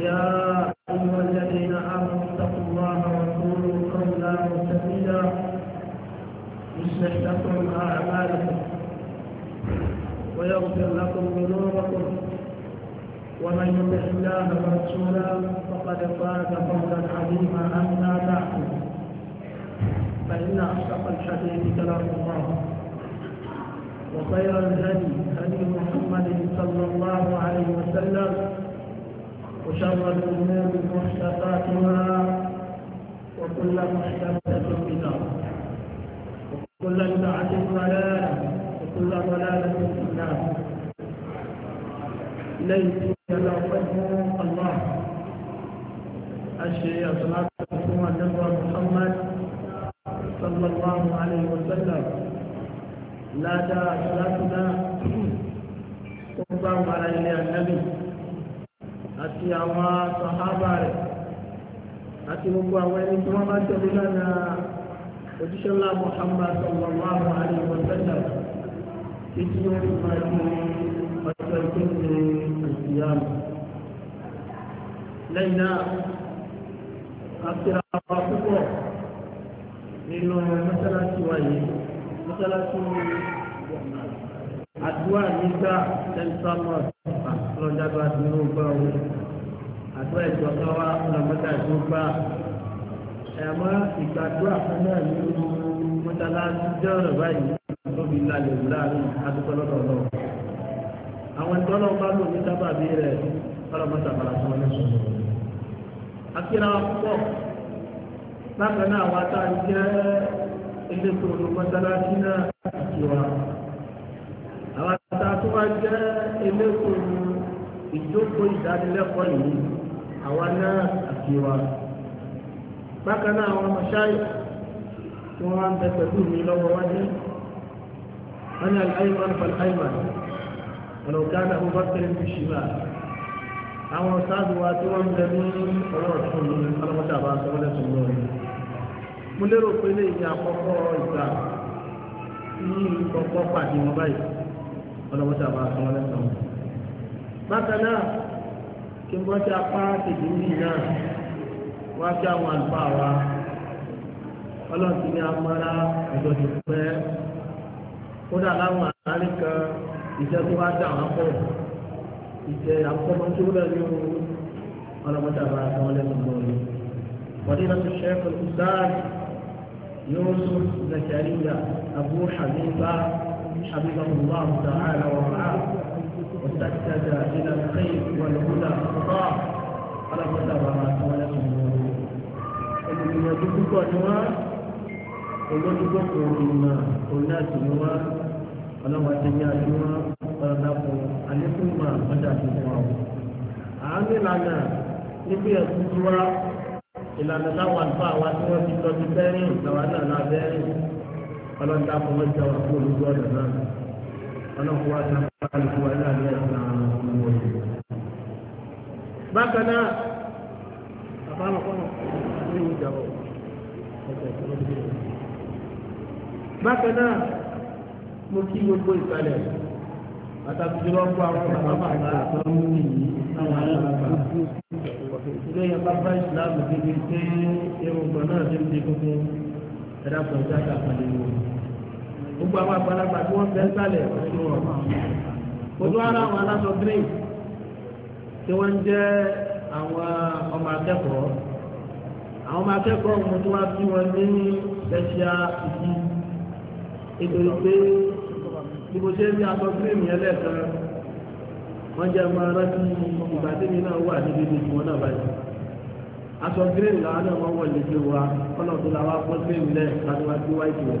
يا أيها الذين آمنوا اتقوا الله وقولوا قولا سديدا يصلح لكم أعمالكم ويغفر لكم ذنوبكم ومن يطع الله ورسولا فقد فاز فوزا عظيما أما بعد فإن أصدق الحديث كلام الله وخير الهدي هدي محمد صلى الله عليه وسلم وشر الأمور محدثاتها وكل محدثة بدعة وكل بدعة ضلالة وكل ضلالة في النار ليس يلعبه الله أشهد صلاة الله محمد صلى الله عليه وسلم لا دا صلاتنا وقام على النبي àti àwọn sàhábà rẹ̀ àti gbogbo àwọn ẹni tí wọ́n bá tẹ̀lé lánàá òjíṣẹ́ ńlá Muhammad sallallahu alaihi wa sallam títí ó fi máa di ọjọ́ ìkéde ìsìyàmù. lẹ́yìn náà kàfíra wa púpọ̀ nínú mọ́sálásí wa yìí mọ́sálásí àdúrà nígbà tẹ́ńtọ́mọ̀ lọ́jàgbá dúró gbà ó àdúrà ìjọba wa lọ́mọdà tó gbà ẹ̀mọ́ ìgbàdúrà kan náà ní mọ́tàláṣí jẹ́ ọ̀rọ̀ báyìí tóbi lálẹ́ òwúrọ̀ àrùn adúgbò lọ́dọ̀ lọ. àwọn ìtọ́lọ́ bá lò ní sábàbí rẹ̀ ọlọ́mọdà bàrà fún ọlẹ́ sọ̀rọ̀. akíra pọ̀ bákan náà wá tá a jẹ́ ilé tó lọ mọ́tàláṣí àti wa tó wá jẹ́ eléko ìjókòó ìdánilẹ́kọ̀ọ́ yìí àwa náà àti wa bákan náà àwọn ọmọṣáì tí wọ́n wá ń bẹ pẹ̀lú mi lọ́wọ́ wájú wọ́n ní al-ayman fal-ayman ọ̀nà gánà abubakar ń ṣìlá àwọn sáàdù wa tí wọ́n ń bẹ ní ọ̀rọ̀ ọ̀tún ní alámọ́tà bá sọ wọ́n lẹ́sùn lọ́rùn mo lérò pé lè ní àkọ́kọ́ ìgbà ní ìkọ̀kọ́ pàdé wọn báyìí ọlọ́mọṣẹ́ àbá san wọn lẹ́sàn-án. bákan náà kí n bọ́ sí apá kejì ń bì náà wá sí àwọn àlùfáà wa ọlọ́run ti ní amára ọ̀dọ́ ti pẹ́ kódà láwọn àárí kan iṣẹ́ tó wá dà wọ́n pọ̀ ìjẹ́ àkọ́mọ́tòwúrẹ́ ní ọlọ́mọdé àbá san wọn lẹ́sàn-án lọ́wọ́ فضيلة الشيخ الأستاذ يوسف زكريا أبو حنيفة حفظه الله تعالى ورعاه واستعتد إلى الخير والهدى خطاه على قدر ما تولته ènìyàn dúdúkọ ni wá olódúgbò kò ìmọ̀ òní àti ni wá ọlọ́wọ́ ti ní àti wá ọ̀rọ̀dàpọ̀ àlékún ìmọ̀ ọjà ti wá o. àánú ìlànà níbi ẹ̀kú tí wá ìlànà táwọn àlùfáà wa tí wọ́n ti tọ́jú bẹ́rìn ìgbàwá náà lábẹ́rìn ọlọ́run tá a fọwọ́ jẹ́ wà fún olùgbọ́ ọ̀dọ̀ náà ọlọ́run wá sí àlùkò wà láàrin ẹ̀sìn àwọn ọmọ rẹ̀. bákan náà bàbá àwọn ọmọ ní ìwé ìjà ọ̀ bákan náà mo kí gbogbo ìsàlẹ̀ pàtàkì jùlọ fún àwọn bàbá bàbá àtọ́rọ́ mi yìí àwọn alábàbà ìdílé yẹn bá bá ìsìlámù débi pé irun gbọ̀n náà ti ń di gbogbo ẹ̀dá pọ̀ ìjà àtàkùn lè wò ó gbogbo àwọn àgbàlagbà tí wọ́n fẹ́ sálẹ̀ nínú wọn. ojú ara àwọn aláṣọ green tí wọ́n jẹ́ àwọn ọmọ akẹ́kọ̀ọ́ àwọn ọmọ akẹ́kọ̀ọ́ mo tún wá sí wọn ní ẹ̀ṣíà ìdí nítorí pé bí mo ṣe ń rí aṣọ green yẹn lẹ́ẹ̀kan wọ́n jẹ́ ọmọ rántí ìgbà tí mi náà wà níbi ibi tí wọ́n náà báyìí aṣọ green làwọn náà wọ́n wọ̀ ṣe wa ọlọ́dún làwọn akọ́ green lẹ́ẹ̀ kájú wá sí wọn.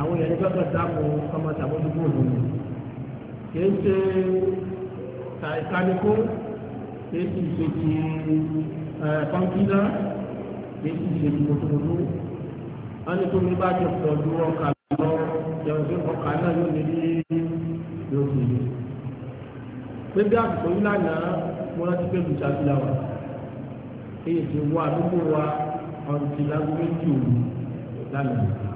àwọn èèyàn nígbà kan dáàbò ọmọ tàbójúgbò òun kìí ṣe tàìkánikó kìí sì ṣe ti kọ́ńpútà kìí sì ṣe ti mọ̀tòmọ̀tò wọ́n ní kó mi bá jọ pọ̀jù ọkà lọ jẹun pé ọkà náà yóò ní bí yóò ṣe yẹ. pé bí àbùkù yìí lánàá mo rántí pé lùjàdùlà wà èyí ti wọ àdúgbò wa ọ̀rùn ti lágbó méjì òru lánàá.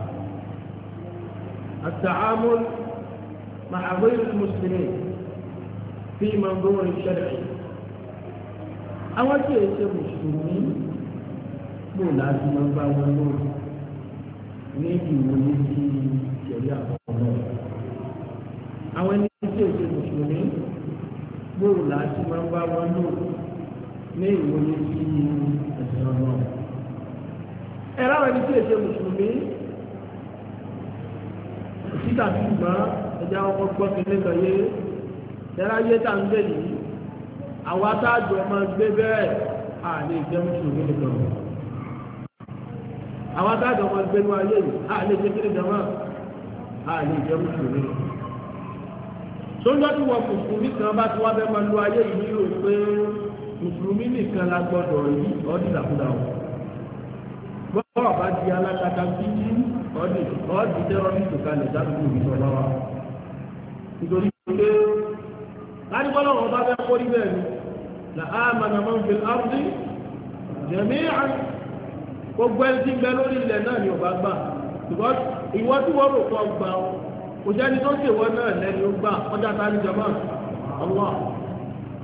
التعامل مع غير المسلمين في منظور شرعي àwọn tí èyí ṣe mùsùlùmí kò láti máa bá wọn lórí ní ìwòye sí ìṣẹ̀lẹ̀ àkọ́kọ́ náà àwọn ẹni tí èyí ṣe mùsùlùmí kò láti máa bá wọn lórí ní ìwòye sí ẹ̀sìn ọ̀nà ẹ̀rọ àwọn ẹni tí èyí ṣe mùsùlùmí títà bí ṣùgbọ́n ẹja ọkọ̀ gbọ́ sí nígbà yé yàrá yé tà ń gbé yìí àwọn atájọ ọmọ gbé bẹ́ẹ̀ à lè jẹ́ mùsùlùmí nìkan àwọn atájọ ọmọ gbé ní ayé yìí à lè jẹ́ kí nìkan wà à lè jẹ́ mùsùlùmí nìkan sọ́jọ́ tí wọ́n mùsùlùmí kan bá ti wá bẹ́ẹ̀ máa lo ayé yìí rò pé mùsùlùmí nìkan la yìí ọ́ bọ́ àbá di alákatá bíbí ọdún ọdún tẹ́rọ́rìsì kalẹ̀ sábìlì òbítọ́ lọ́wọ́ nítorí pé ládùúgbọ́lọ́ wọn bá fẹ́ kórí bẹ́ẹ̀ ni là á mànà mọ́ fi áwùdí jẹ̀mí àn gbogbo ẹni tí ń bẹ lórí ilẹ̀ náà ni ọba gbà ṣùgbọ́n ìwọ tí wọ́n rò kọ́ gbà ó kò sẹ́ni tó ṣe ìwọ náà lẹ́ni ó gbà ọjà ta ni jọba ọwọ́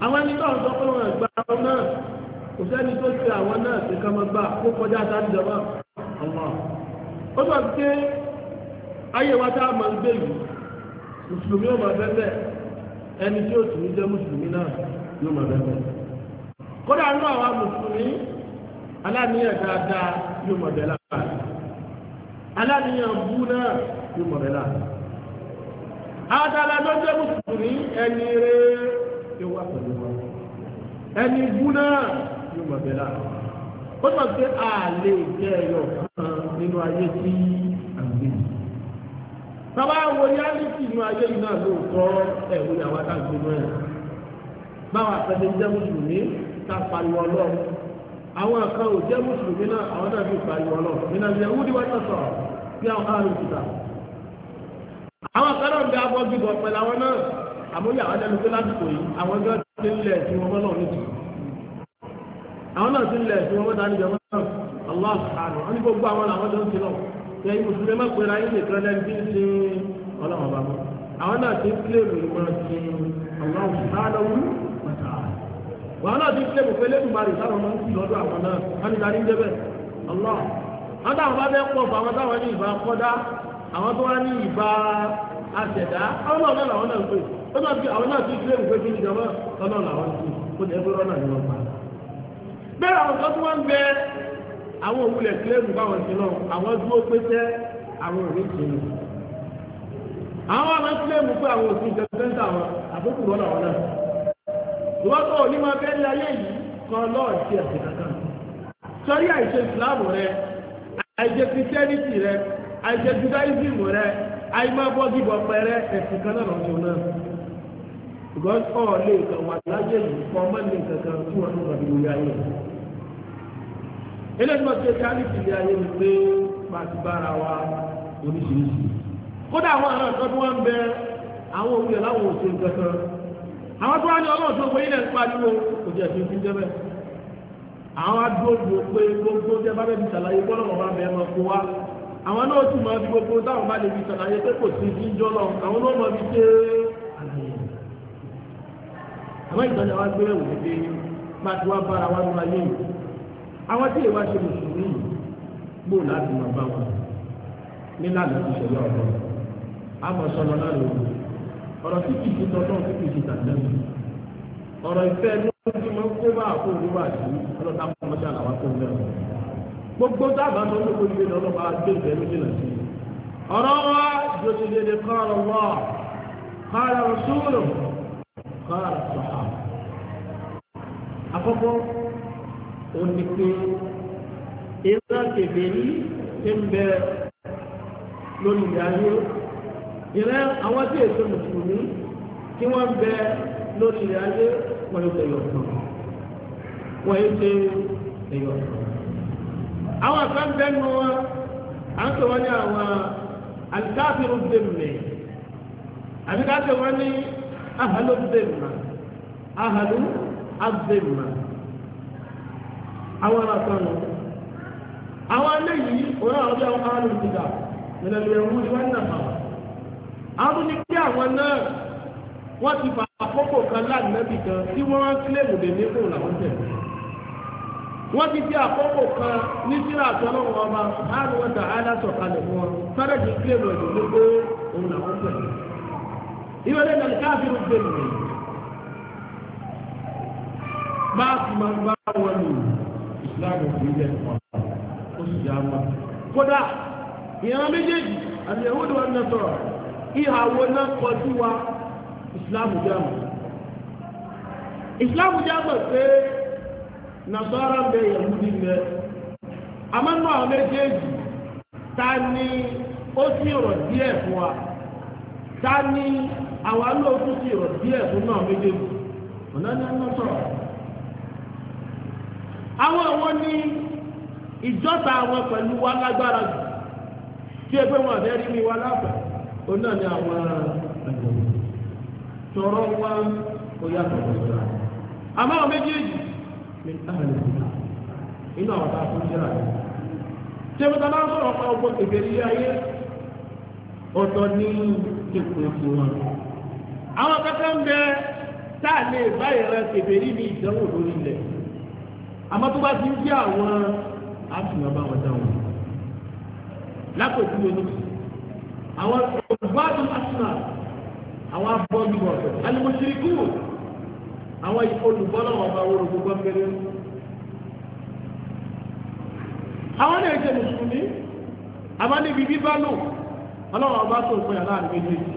àwọn ẹni tó sọ pé wọn gbà ọ náà kò sẹ́ni tó ṣe àwọn náà ṣe kọ́mọ gbà ó kọjá ta ni jọba ó sọ pé ayé wa tá a máa ń gbé yìí mùsùlùmí ó máa bẹ́ẹ̀ ẹni tí ó sì ní jẹ́ mùsùlùmí náà yóò máa bẹ́ẹ̀ kódà ń lọ àwọn mùsùlùmí aláníyàn dáadáa yóò máa bẹ́ẹ̀ láàrín aláníyàn bú náà yóò máa bẹ́ẹ̀ láàrín adala ló jẹ́ mùsùlùmí ẹni rẹ̀ yóò wà pẹ̀lú wọn ẹni bú náà yóò máa bẹ́ẹ̀ láàrín ó sọ pé a lè jẹ ẹyọ kan nínú ayé tí a ń gbé bàbá wo yálìtì inú ayé yìí náà lóòótọ́ ẹ̀wọ́ ìyàwó àtàgbénú ẹ̀ báwa àtẹ̀lé jẹ́ mùsùlùmí ká pariwo ọlọ́run àwọn kan ò jẹ́ mùsùlùmí náà àwọn náà fi pariwo ọlọ́run nínú ayé wúdi wá tọ̀tọ̀ bí àwọn kan rìn jìdá àwọn kan náà ń bẹ abọ́ gbígbọ̀ pẹ̀lú àwọn náà àmúyàwó adẹnukú lásìkò yìí àwọn gbọ́dọ̀ nílẹ̀ tí wọ́n mọ́ náà níbi àwọn náà ti ń lẹ̀ tí wọ́n dání jọmọ́ náà allah subhanahu wọn ní gbogbo àwọn làwọn tó ń ti lọ ṣe é mùsùlùmí má pera yín nìkan lẹ́ni tí ń ṣe ọlọ́run bàbá àwọn náà ti ń kílèmù ìmọ̀ ti allah subhanahu wa ta'ala wọn náà ti ń kílèmù pé lẹ́nu bá rè sáwọn máa ń ti lọ́dọ̀ àwọn náà wọn ní darí ń débẹ̀ allah wọn táwọn bá fẹ́ pọ̀ fún àwọn táwọn ní ìbá kọ́dá àwọn tó ní àwọn náà làwọn pè àwọn náà ti kílèmù pé kí ni jọmọ́ ọlọ́run làwọn ti kó ní ẹgbẹ́ rọ́nà ni wọ́n pa bẹ́ẹ̀ àwọn kan tí wọ́n ń bẹ àwọn òwúlẹ̀ kílẹ̀mù báwọn sí náà àwọn dúró pété àwọn òní sí i àwọn àwọn kílẹ̀mù pé àwọn òsì ìjọba àwọn àbúkù wọn náà ìwọ́pọ̀ òní máa bẹ́ẹ̀ láyé yìí kan lọ́ọ̀ sí ẹ̀sìn kankan rẹ àìṣe kìrìsìtẹ́nìtì rẹ àìṣe rẹ àìmọ́ ẹ̀sìn kan náà ṣùgbọ́n ọ̀ lè kàn wà láyé yìí kọ́ ọmọ ní kankan tí wọ́n ń rọ̀ nínú ilé ayé. eléyìí wọ́n ti dá ayé ni pé máa wa oríṣiríṣi. kódà àwọn ìtọ́ tí wọ́n ń bẹ àwọn láwọn òṣèlú kankan. àwọn tó wá ní ọlọ́run tó ilẹ̀ ń pariwo kò jẹ́ fi jẹ́bẹ̀. gbogbo jẹ́ àwọn náà sì máa gbogbo táwọn bá àmọ́ ìtọ́jà wa gbé ẹ̀wò pé bá ti wá bára wa lọ́la yé yìí àwọn tí ìwà ṣe mùsùlùmí yìí láti máa bá wọn nílànà ìṣẹ̀lẹ̀ ọ̀dọ́ àmọ́ sọ̀rọ̀ náà lò ọ̀rọ̀ tí kìí ṣe tọ́tọ́ tí kìí ṣe tàbí ọ̀rọ̀ ìfẹ́ lórí tí wọ́n kó bá àpò òwúrọ̀ làwọn tó ń gbogbo dábàá tó ń gbé قال الصحابة أقول أنك إذا كبيري تنبى lórí ìyáyé ìrẹ́ àwọn tí èso mùsùlùmí tí wọ́n bẹ lórí ìyáyé wọ́n yóò tẹ̀yọ̀ kan wọ́n yóò tẹ ẹ̀yọ̀ kan. àwọn kan bẹ́nu wọn à ń sọ̀rọ̀ ní àwọn àdìkáàfin ọ̀dẹ́mìnì àdìkáàfin wọn ní. ahalu dhimma ahalu adhimma àwọn ará kan nù àwọn eléyìí òun àwọn bí àwọn ahalu ìdìgbà ìrẹ̀lẹ̀ ìrẹ̀wú ni wọ́n nà fà àwọn wọ́n ti fi kan ní àtọ́lọ́wọ́ ọba tà á wọn sáré òun ìwé lẹ́nu káfí ló gbé mi máa fi máa ń bá wọn lò ìsìláàmù kìí lẹ́ ó sì yá wa kódà ìran méjèèjì àti ìyàwó wọn náà sọ̀rọ̀ ìhà wo náà kọjú wa ìsìláàmù jáàmù ìsìláàmù jáàmù pé nasara bẹ yahudi bẹ amánú àwọn méjèèjì ta ni ó sì rọ̀ díẹ̀ fún wa ta ni àwa náà tún sí ìrọ̀ díẹ̀ fún náà méjèèjì ọ̀nà ní ọ̀nà sọ̀rọ̀. àwọn àwọn ní ìjọta àwọn pẹ̀lú wa lágbára jù tí ẹgbẹ́ wọn àbẹ́ rí mi wá láàbà òun náà àwọn ẹ̀gbọ́n tọrọ wa kò yàtọ̀ àmọ́ àwọn méjèèjì mi lè fi inú àwọn tá a fún jẹ́ra rẹ̀ bá sọ̀rọ̀ ọgbọ́n kékeré ayé ọ̀tọ̀ ní àwọn kankan ń bẹ tá a lè bá ìran kèbèrè ní ìdánwò lórí ilẹ̀ àmọ́ tó bá ti ń jẹ́ àwọn àtúnyàn bá wọn dáhùn lápòjú lónìí àwọn olùbádùn arsenal àwọn abọ́jú ọ̀sẹ̀ alimọ̀sirikú àwọn olùbọ́lá wọn bá wọ́n gbogbo abẹ́rẹ́ àwọn náà jẹ́ mùsùlùmí àbá níbi bíbá lò ọlọ́wọ́n bá tó ń pè é aláàbẹ̀ẹ́dẹ́gbẹ̀.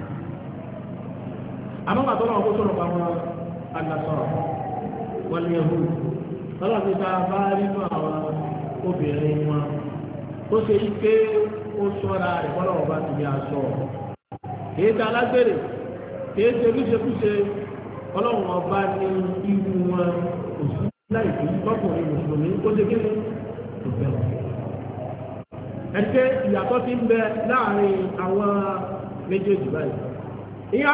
àmọ́gbà tó lọ́wọ́ kó sọ̀rọ̀ pa wọn àgbàsọ̀rọ̀ wọn ni ẹ̀hún ti ta bá nínú àwọn obìnrin wọn ó ṣe ike ó sọ́ra ti ní aṣọ kìí ta alágbèrè kìí ṣe lúṣekúṣe ọlọ́run ọba ní wọn kò sí láì fi tọkùnrin mùsùlùmí ó ṣe kí ẹ̀ṣẹ́ ìyàtọ̀ ti ń bẹ láàrin àwọn méjèèjì báyìí ìyá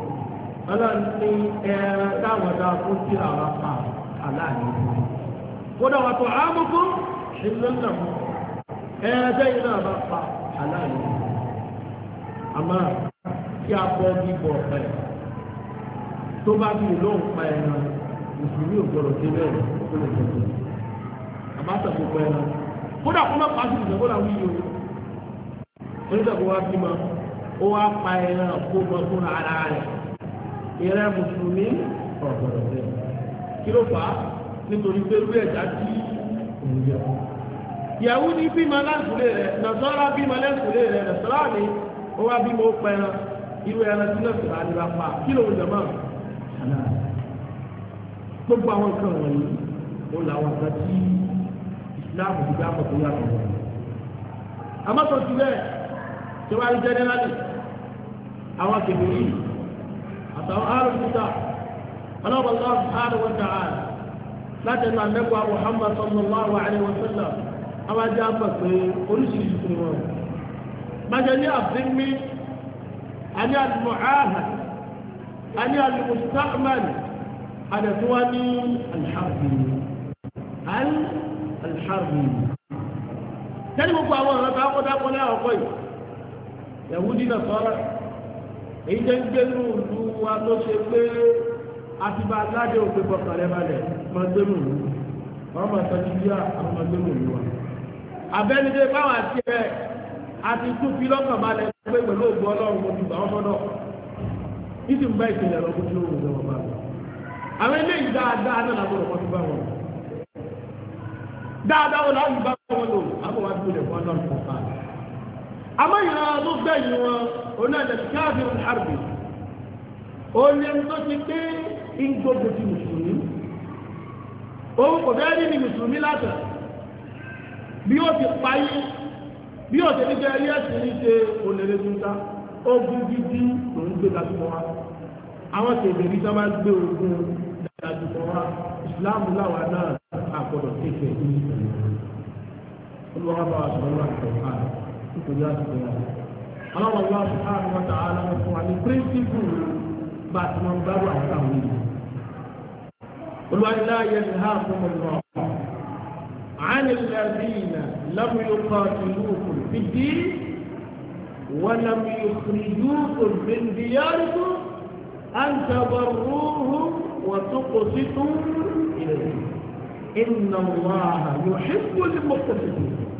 ọlọ́run ní ẹran táwọn dá fún sí àwọn pa aláàlú kódà wà tó àmúkú ìlúlọ́nà ẹran tẹ́yìn náà bá pa aláàlú àmọ́ kí a bọ́ bíbọ̀ pẹ̀ tó bá bí lóun pa ẹran ìsúrí ògbọ́dọ̀ dé bẹ́ẹ̀ tó lè tẹ̀lé àmọ́ àtàkùn pa kó má pa sí ìṣẹ́ ìrẹ́ mùsùlùmí ọ̀gbọ̀dọ̀ bẹ́ẹ̀ kí ló fà á nítorí pé irú ẹ̀dá tí òun yẹ ìyàwó ní bímọ lẹ́kùnlé rẹ̀ nàṣọ́ra bímọ lẹ́kùnlé rẹ̀ nàṣọ́ra ni ó wá bímọ ó pẹran irú ẹran tí lẹ́kùnlé àti bá pa kí ló ń jẹ máa gbogbo àwọn nǹkan wọ̀nyí ó làwọn kan tí Islam ti bá tó yàtọ̀ wọn. àmọ́ tó ti bẹ́ẹ̀ tí wọ́n á rí jẹ́ àtàwọn àrùn kúta ọlọ́pàá lọ́wọ́ àrùn wọn dà án láti ẹnu àmẹ́kọ̀ àwọn Muhammad sallallahu alaihi wa sallam àwọn ajá gbà pé oríṣiríṣi fún wọn. bàjẹ́ ní àfínmí àní àlùmọ̀áhà àní àlùmùsàmánì àdàtúwání alḥàbì alḥàbì. tẹ́lẹ̀ gbogbo àwọn ọ̀rọ̀ tá a kọ́ yìí yahudi na sọ́ra èyí jẹ́ ìlú wa tó ṣe pé àtibá aládé òfin balẹ̀ ìlú àwọn ìlú wa. abẹ́nidé ti rẹ̀ àti kú lọ́kàn balẹ̀ pé pẹ̀lú ògbó ọlọ́run mo ti gbà wọ́n mọ́dọ̀ ìdí ń bá ìpìlẹ̀ lọ kó tí ó wù lọ́wọ́ bá mi. àwọn eléyìí dáadáa náà làbọ̀rọ̀ kan ti bá wọn. dáadáa wọn onáàdà káàfin harbi olè tó ti pé ìgbógun ti mùsùlùmí òun kò fẹ́ rí ni mùsùlùmí látà bí ó ti payé bí ó ti nígbà ẹyẹ sí ní ṣe olèrè tuntun ogun gidi òun gbé dàdúgbò wa àwọn tèbè rí sábà gbé ogun dàdúgbò wa ìsìláàmù làwọn náà àgbọ̀dọ̀ kéèké ní ìsìláàmù olùwàbà àṣọ náà kọ̀ọ̀kan nítorí àṣìṣe náà. قال الله سبحانه وتعالى وقال برنسيبول بات من باب التأويل قل وإلا ينهاكم الله عن الذين لم يقاتلوكم في الدين ولم يخرجوكم من دياركم أن تبروهم وتقسطوا إليهم إن الله يحب المقتصدين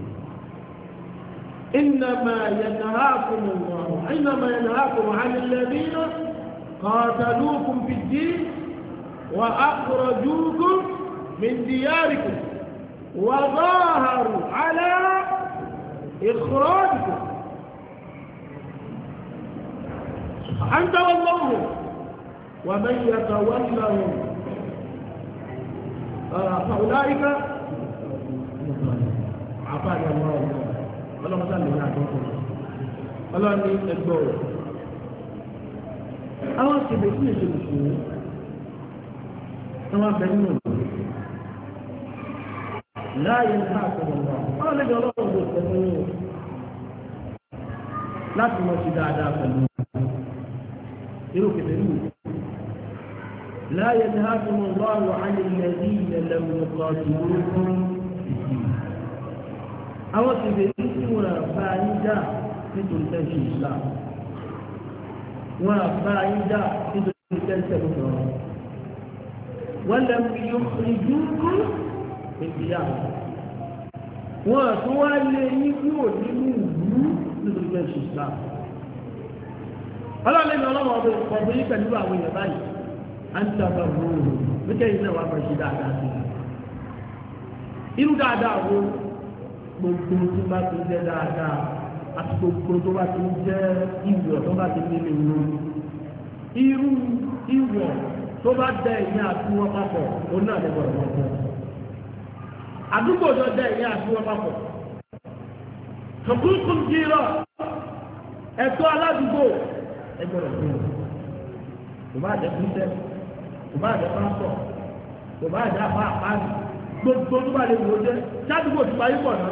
إنما ينهاكم الله إنما ينهاكم عن الذين قاتلوكم في الدين وأخرجوكم من دياركم وظاهروا على إخراجكم أنت والله ومن يتولهم آه، فأولئك عفاك الله ọlọ́mọdé àlè ní àgbọ̀kọ̀ ọlọ́ni ẹgbẹ́ ọ̀rọ̀ àwọn kèbè sí èso ìṣòro wọn bẹ nínú ìlú láàyè ní káàkiri ọ̀gá ọ̀rọ̀ lẹ́gbẹ̀ẹ́ ọlọ́run ló sọ fún yóò láti mọ̀ sí dáadáa pẹ̀lú irú kèbè nínú لا ينهاكم الله عن الذين لم يقاتلوكم في الدين àwọn kèbè wọn àbá yín dá nítorí tẹ́sí islam wọn àbá yín dá nítorí tẹ́sí ọ̀rọ̀ wọ́n lè fi ìjú kú ìgbìyà wọn àtún wá lé yín kúrò nínú ìlú nítorí tẹ́sí islam ọlọ́run ní ọlọ́run ọdún ọdún yìí pẹ̀lú àwọn èèyàn báyìí à ń tàbí ọ̀rọ̀ òru wíkẹ́ yìí náà wà pẹ̀lú dáadáa sí i irú dáadáa wo gbogbo tó bá ti jẹ́ dáadáa àti gbogbo tó bá ti jẹ́ ìwọ̀ tó bá ti nílé ìlú. irú ìwọ̀ tó bá dẹ ìyẹn àti wọn papọ̀ òun náà lè gbọdọ̀ wọn jẹ. àdúgbò tó dẹ ìyẹn àti wọn papọ̀. tòkúnkún jírọ̀ ẹ̀tọ́ aládùúgbò ẹ gbọdọ̀ fún un. kò bá jẹ́ pípẹ́ kò bá jẹ́ pásọ̀ kò bá jẹ́ apá apá gbogbo tó bá lè wò ó jẹ́ sádùúgbò tó bá yí pọ̀ náà.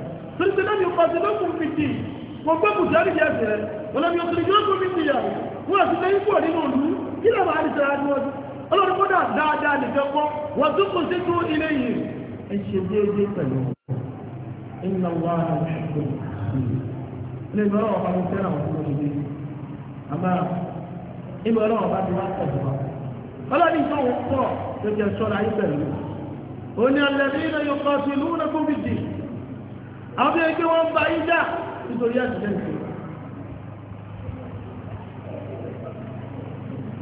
torí pé lẹ́yìn ọ̀pá ìdílọ́kùn fi tì wọ́n gbé bùjárì jẹ́ ẹ̀sẹ̀ wọn lẹ́yìn ọ̀pá ìdílọ́kùn fi tì yàrá wọn àti lẹ́yìn pọ̀ nínú òlú kí làwọn àdìsẹ́ adúlọ́dún ọlọ́run kọ́dà dáadáa nìkan kọ́ wọ́n tún kò sí tó ilé yìí ẹ ṣe déédéé pẹ̀lú ìnà wà lọ́wọ́ ilé ìgbà ọlọ́run ọba ló fẹ́ràn àwọn ọmọ ti wá pọ̀ lójú ẹ̀ṣọ́ la yí àwọn bí i pé wọ́n bá yíjà nítorí àṣìṣẹ́ ìṣẹ́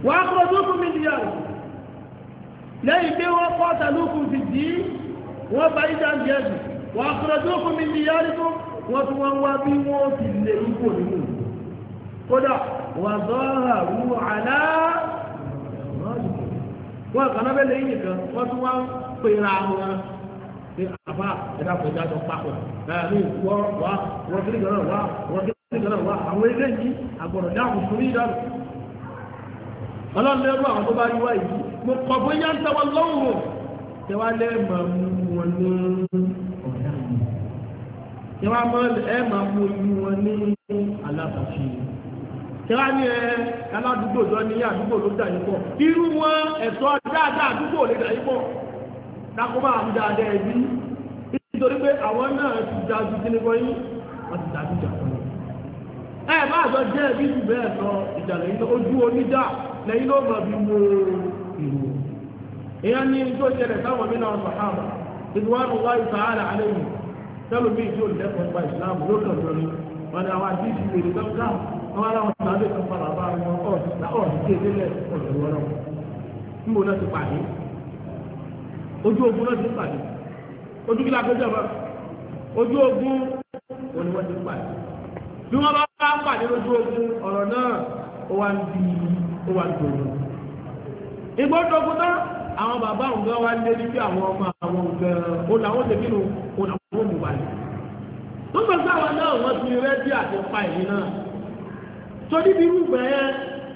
wà á kọ́ tó fún mi di àrùn lẹ́yìn pé wọ́n kọ́ tàlúkù fi dì í wọ́n bá yíjà ń jẹ́jù wà á kọ́ tó mi di yárí tó wọ́n tún wọ́n wá bí wọ́n ti lè ipò nínú kódà wà zọ́ọ̀rà rú àlá wọ́n kàn bẹ́ẹ̀ lẹ́yìn nìkan wọ́n tún wá pèrà wọn pé àbá ẹ̀dá kò dájọ papọ̀ ẹ̀mí wọ́ wá wọ́n kiri gan wá wọ́n kiri gan wá àwọn ilé yìí àgbọ̀rọ̀ dáhùn sórí ìdáhùn. ọlọ́run lẹ́rú àwọn tó bá rí wá yìí mo kọ̀ bóyá ń tẹ́wọ́ lọ́wọ́ tẹ́wọ́ lẹ́ máa mú wọn ní ọ̀dà mi tẹ́wọ́ ẹ máa mú wọn ní alábàáṣe tẹ́wọ́ ní ẹ aládùúgbò jọ ní àdúgbò ló dà yín pọ̀ irú wọn ẹ̀tọ́ dáadáa àdúgbò lè dà yín pọ̀ dákọ́mọ́ àti dáadáa ẹbí nítorí pé àwọn náà ti dájú kí ní wọ́nyí wọ́n ti dájú jà fún mi. ẹ bá àjọ jẹ́ ẹbí jù bẹ́ẹ̀ sọ ìjà lẹ́yìn ojú onídà lẹ́yìn ló mọ̀ bí mo ìrò. ìyá ní tó ṣẹlẹ̀ táwọn mi náà sọ àmà ìdúwánu wá ìsàárà alẹ́ mi tẹ́lu mi ìjọ lẹ́kọ̀ọ́ nípa ìsìlámù ló kàn lórí wọn ni àwọn àdìsí èrè gbọ́ngà wọn wọn ojú ogun náà ti ń pàdé ojú kí lápẹjọ bá ojú ogun wọn ni wọn ti ń pàdé bí wọn bá bá pàdé lójú ogun ọ̀rọ̀ náà ó wá ń di ó wá ń dòdò ìgbọ́dọ̀gùn náà àwọn bàbá òun gan wá ń lé níbi àwọn ọmọ àwọn gan ó làwọn lè nínú ó làwọn mú wálé tó gbọ́dọ̀ àwọn náà wọ́n ti rẹ́dí àti pa ìlú náà torí bí irú gbẹ̀yẹn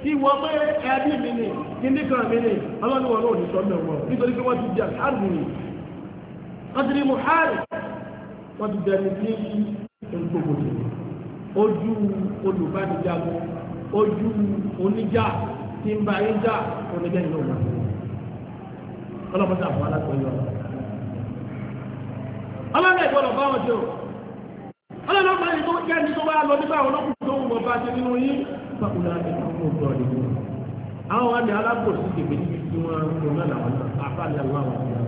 tí wọ́n pé ẹbí mi ni kíndí mi ni ọlọ́run náà ní sọ wọn nítorí pé wọ́n ti ni wọ́n ti muhari wọ́n ti dẹni ní gbogbo ojú olùbánijagun ojú oníjà tí ń bá yín oníjà ìlú ọ̀la ọlọ́pàá sàfọ́ ọlọ́lọ́pàá ẹni tó jẹ́ ẹni tó bá lọ nípa àwọn olókùn tó ń bọ̀ bá ṣe nínú yín pàkúlà ẹ̀kọ́ ọ̀dọ́ ni àwọn wà ní alábòsí kèmí níbi tí wọ́n ń lò náà làwọn àfáàlì àwọn àwọn ọ̀dọ́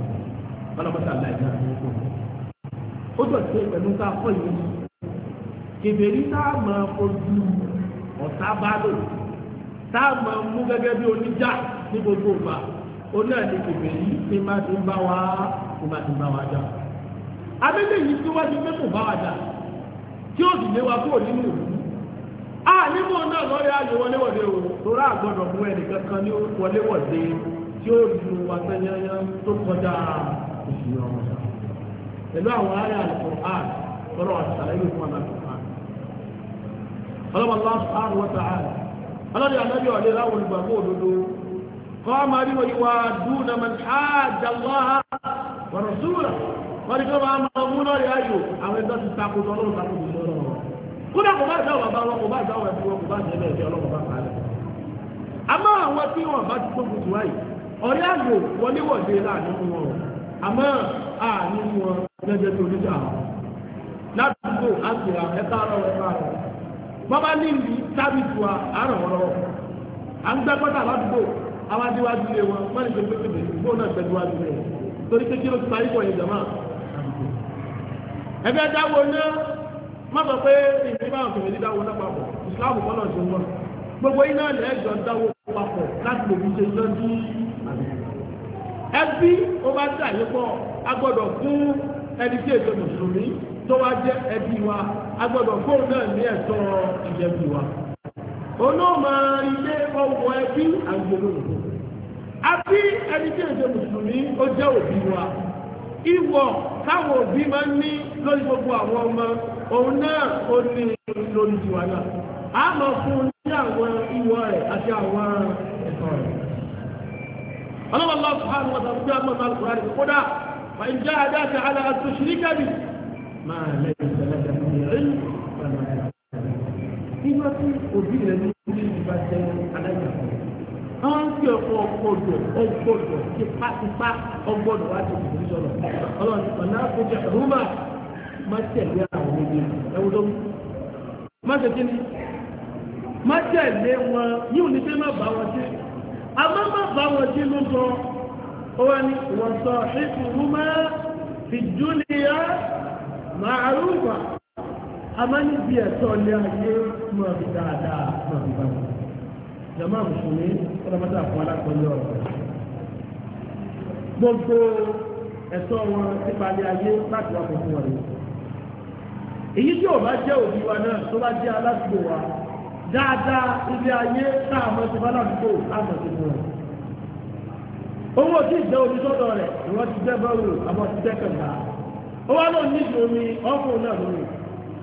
ọlọ́pàá àláìsí àtúnkù ó jọ ṣe pẹ̀lú ká fọ́ yìí kèbèrè táà máa fojú ọ̀tá bá lò táà máa mú gẹ́gẹ́ bí oníjà ní gbogbo ìgbà ó náà ní kèbèrè tí má ti bá wá bá wá jà abẹ́lẹ̀ yìí tí wọ́n ti fẹ́ bá wá jà tí ó sì lé wa kúrò nínú ìlú a nínú ọ̀nà lọ́rẹ́ ayò wọléwọ̀dé o lórí àgbọ̀dọ̀ fún ẹnìkan kan ní wọléwọ̀dé tí ó lu wa tẹ́yẹ́yẹ́ tó kọjá òṣìṣẹ́ ọmọ pẹ̀lú àwọn ará àlùkò àn lọ́rọ̀ àṣàlẹ̀ yóò fún ọ̀nà àlùkò àn ọlọ́mọ lọ́wọ́ sọ́hánù wọ́ta àn ọlọ́dẹ ànábì ọ̀lẹ́ láwọn olùgbàgbọ́ òdodo kọ́ máa rí wọ́n yíwa dúnà mọ̀ ní àjàlọ́ha wọ̀rọ̀ lọ́ọ̀rì ayò àwọn ẹgbẹ́ ti takò tọ́ lọ́rùn takò tó lọ́rọ̀ wọn. kódà kò bá dáwọ̀ bá wọn kò bá dáwọ̀ ẹbí wọn kò bá jẹ́ lẹ́ẹ̀kẹ́ ọlọ́wọ́ bá kalẹ̀. àmọ́ àwọn tí wọn bá ti gbógun tù wáyé ọ̀rẹ́ ayò wọléwọ̀dé láàánú wọn àmọ́ àánú wọn lẹ́jẹ̀ tó níjà ládùúgbò àtìrà ẹ̀ka àrọ̀ ẹ̀ka àrọ̀ bọ́bá ní ìlú tábì tù wa àrọ̀ wọn lọ́wọ́ à ń gbẹ́gbọ́dà ládùúgbò àwọn adéwájú lé wọn wọ́n ní ìgbésẹ̀ bẹ̀rẹ̀ ìgbóhùn náà gbẹ́gbẹ́wájú lé wọn torí pé kí ló ti parí bọ̀ yẹn jàmáà ẹgbẹ́ dáwọ náà má bọ̀ pé ìgbìmọ̀ òkèèrè ní dáwọ náà papọ̀ ìsìláàmù kọ́lọ̀ ṣe wọ́n gbogbo iná lẹ́jọ́ dáwọ papọ̀ láti lòbí ṣe lọ́dún ẹbí ó bá dà yí pọ̀ a gbọ́dọ̀ fún ẹni tí èdè mùsùlùmí tó wá jẹ́ ẹbí wa a gbọ́dọ̀ fóun náà ní ẹ̀tọ́ ìjẹ́bí wa onóòmà ilé ọwọ́ ẹbí àgbèrò àbí ẹni tí èdè mùsùlùmí ó jẹ́ òbí wa ìwọ̀ táwọn òbí máa ń ní lórí gbogbo àwọn ọmọ òun náà ó ní lórí tiwa náà a máa fún un ní àwọn ìwọ̀ rẹ̀ àti àwọn ẹ̀tọ́ rẹ̀. ọlọ́wọ́ lọ fún àwọn ọ̀sán bí wọ́n máa kúrò àdìgbò kódà wà ń jẹ́ àdáṣe alára tó ṣiríkà bì máa lẹ́yìn ìṣẹ̀lẹ̀ nígbà tí òbí rẹ̀ ní ilé ìgbà jẹ́ aláìsàn àwọn ń fi ọ̀pọ̀ ọgbọ́dọ̀ ọgbọ́dọ̀ tipátipá ọgbọ́dọ̀ wá ti kùn sọ̀rọ̀ ọlọ́run ti pàdé àkójọ rúmà má tẹ̀lé àwọn ọmọdé ẹ̀wọ́n tó má má tẹ̀lé wọn pé má bá wọn àmọ́ má bá wọn ló sọ wọ́n sọ àmọ́ níbi ẹ̀tọ́ ilé ayé máa fi dáadáa máa fi bá wọn. jama mùsùlùmí ọlọ́mọdé àfọwọ́ gbogbo ẹ̀tọ́ wọn ti ilé ayé láti wá fún wọn. èyí tí o bá jẹ́ òbí wa náà tó bá jẹ́ aládùúgbò wa dáadáa ilé ayé tá a bá aládùúgbò fún wọn owó tí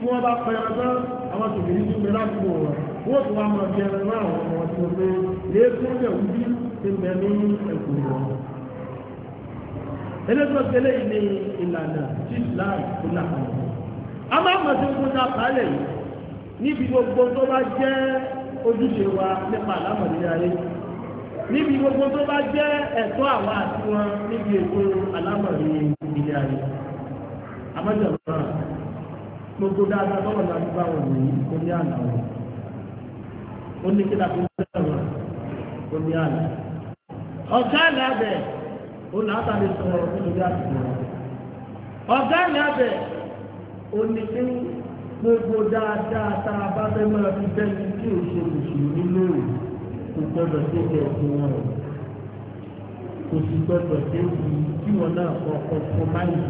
tí wọ́n bá pẹ̀lú ọjọ́ àwọn tòbí ní pé lásìkò rẹ̀ wọ́n tó wá mọ̀ bí ẹran náà àwọn ọmọ tí wọ́n pé lè fún ilẹ̀ òbí ti bẹ̀ ní ẹ̀kọ́ wọn. eléjọ́ tẹ́lẹ̀ ní ìlànà tí láì tó làkàn. a máa mọ̀ sí fún ta kálẹ̀ yìí níbi gbogbo tó bá jẹ́ ojúṣe wa nípa àlámọ̀lẹ́ ayé níbi gbogbo tó bá jẹ́ ẹ̀tọ́ àwa àti wọn níbi ètò àlámọ̀lẹ́ ilé gbogbo dáadáa tọ́lọ̀ la fi bá wọn nìyí ó ní àná wọn ó ní kí la fi bá wọn ó ní àná. ọ̀gá ìlà abẹ òun náà tàbí sọ̀rọ̀ nítorí àtìkù wọn. ọ̀gá ìlà abẹ òun ní kí gbogbo dáadáa tá a bá fẹ́ máa fi bẹ́ẹ̀ tí ò ṣe mùsùlùmí lóòrè kò gbọdọ̀ tó kẹ̀ wọn o kò sì gbọdọ̀ tó kí wọn náà kọ́ kọ́ fún báyìí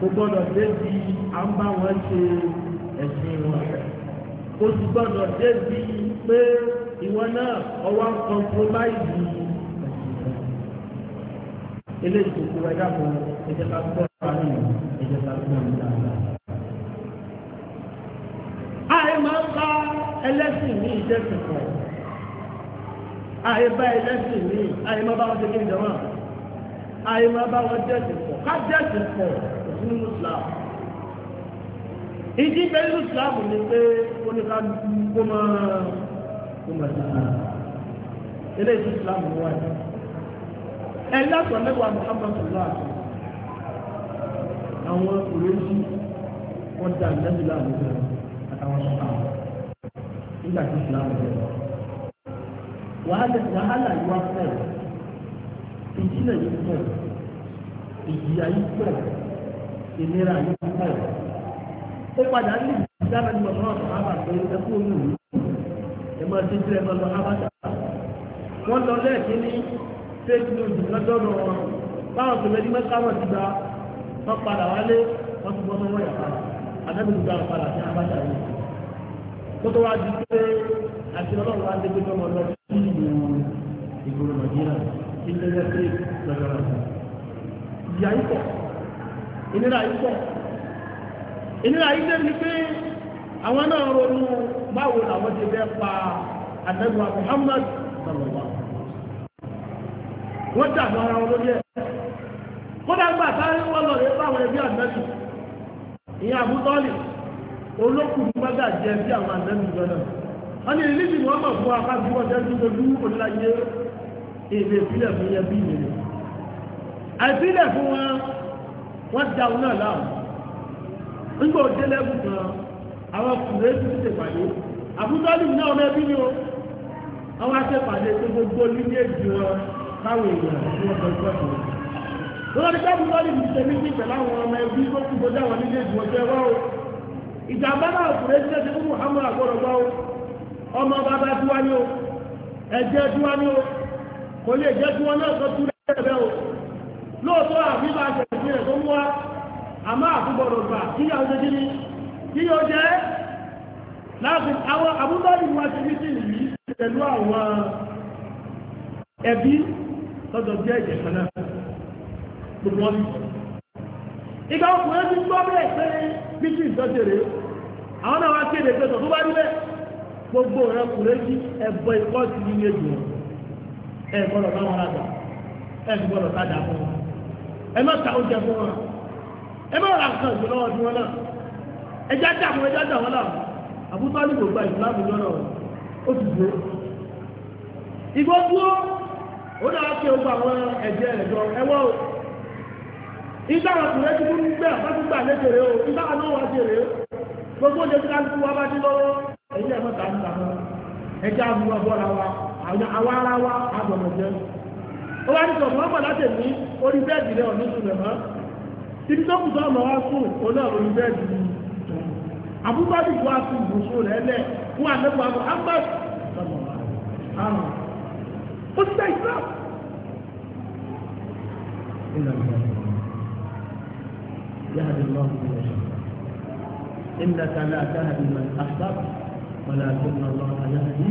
kò gbọ́dọ̀ débi à ń bá wọn ṣe ẹ̀sìn wọn kò sì gbọ́dọ̀ débi pé ìwọ náà ọwọ́ ń eléyìí tó kú ẹ̀dá ẹ̀jẹ̀ ká gbọ́ àárín ẹ̀jẹ̀ ká gbọ́ àárín dáadáa. àyè máa ń bá ẹlẹ́sìn ní ìjẹ́sìn kan àyè bá ẹlẹ́sìn ní àyè máa bá wọn ṣe kí n jẹ wọn. àìmọ̀ bá wọn jẹ́sì pọ̀ ká jẹ́sì pọ̀ òfin islam ìdí pẹ̀lú islam ni pé ó ní ká kó máa kó máa ti sùn ilé ìsú islam ló wáyé ẹ lásán mẹ́wàá muhammad sọlá àwọn òrèjì wọn dá ìdájọ́ láàmú àtàwọn sọ́kà nígbà tí islam ló wàhálà yìí wá ìjìnà yìí pọ̀ ìjìyà yìí pọ̀ ìnira yìí pọ̀ ó padà ní ìdára ní ọ̀sán ọ̀sán àbá pé ẹkú omi òwú ẹ máa ti jẹ́ ẹgbẹ́ lọ abájá wọ́n lọ lẹ́ẹ̀kí ní fake news lọ́dọ́dọ̀ wọn báwọn tó lẹ́ni mẹ́ta wọn ti gba wọ́n padà wálé wọ́n ti bọ́ sọ́wọ́ yàrá àdábìlú gba padà sí abájá yìí kó wá di pé àti ọlọ́run wá dé pé kọ́mọ lọ sí ìgboro nàìjíríà ìjẹjẹ sí lọ́jọ́rọ̀ ìyá ìpọ̀ àwọn náà ronú báwo làwọn ti fẹ́ pa Muhammad sọ̀rọ̀wà wọ́n wọn kódà gbà sáré wọ́n lọ rẹ̀ fáwọn ẹbí ìyá àbútọ́lì olókùn bí àwọn náà wọ́n ìlú fún jẹ́ èdè ìpínlẹ̀ fún yẹ bí ìrìn àìpínlẹ̀ fún wọn wọ́n da òun náà láàmú nígbà òde lẹ́gùn kan àwọn kùnrin ti ti pàdé àbúdọ́lì náà ọmọ ẹbí ni ó àwọn akẹ́pàdé tó gbogbo nílé èdè wọn káwọn èèyàn tí wọ́n bẹ gbọ́dọ̀ lọ́wọ́ ní káàbù lọ́ọ̀lì ní tẹ̀mí ní pẹ̀lú àwọn ọmọ ẹbí tó kú bọ́dá wọn nílé ìdìbò jẹ́ wá o ìjàmbá náà kùnrin ti tẹ̀sí fún Muhammad àgbọ̀rọ̀ gbá o ọmọ bàbá tiwa kò lè jẹ́ tí wọ́n náà sọ tú o lóòótọ́ àfihàn àjẹ̀sí rẹ̀ tó ń wá àmọ́ àfúgbọ̀rọ̀ gbà kí ni àwọn jẹ́jẹ́ ni kí ni jẹ́ láti àwọn àbúgbọ́rì ti rí sí ìlú pẹ̀lú àwọn ẹbí tọ́jọ jẹ́ ẹ̀jẹ̀ kan gbogbo wọn ìgbà ọkùnrin ti gbọ́ bẹ́ẹ̀ pé bíbí ìtọ́jẹ̀rẹ̀ àwọn náà wá kéde pé tó bá rí bẹ́ẹ̀ gbogbo ọ̀rẹ́kùnrin ẹ̀bọ̀ ẹ gbọ́dọ̀ bá wọn ha ẹ gbọ́dọ̀ tajà fún wọn ẹ má ta oúnjẹ fún wọn ẹ má ra nǹkan ìjọ lọ́wọ́ wọn náà ẹ já dà wọn ẹ já dà wọn náà ó ti dúró ìgbó dúró ó dára pé àwọn ẹ̀jẹ̀ ẹ̀jọ ẹwọ́ o ìgbà wọn kò fún àwọn ara wa àgbọ̀nà jẹ́ ó wá ní sọ̀rọ̀ wọ́n pọ̀ láti ní orí bẹ́ẹ̀dì rẹ̀ ọ̀ní sùn lẹ̀mọ́ ibi tó kù sọ́ọ̀mọ̀ wá sùn ó náà orí bẹ́ẹ̀dì àbúgbà bí wá sí ìbùsùn rẹ̀ lẹ̀ fún àlẹ́kùn àbọ̀ ámbẹ́t ó ti tẹ́ ìsìlá الله من يشاء إنك لا تهدي من أحببت ولكن الله يهدي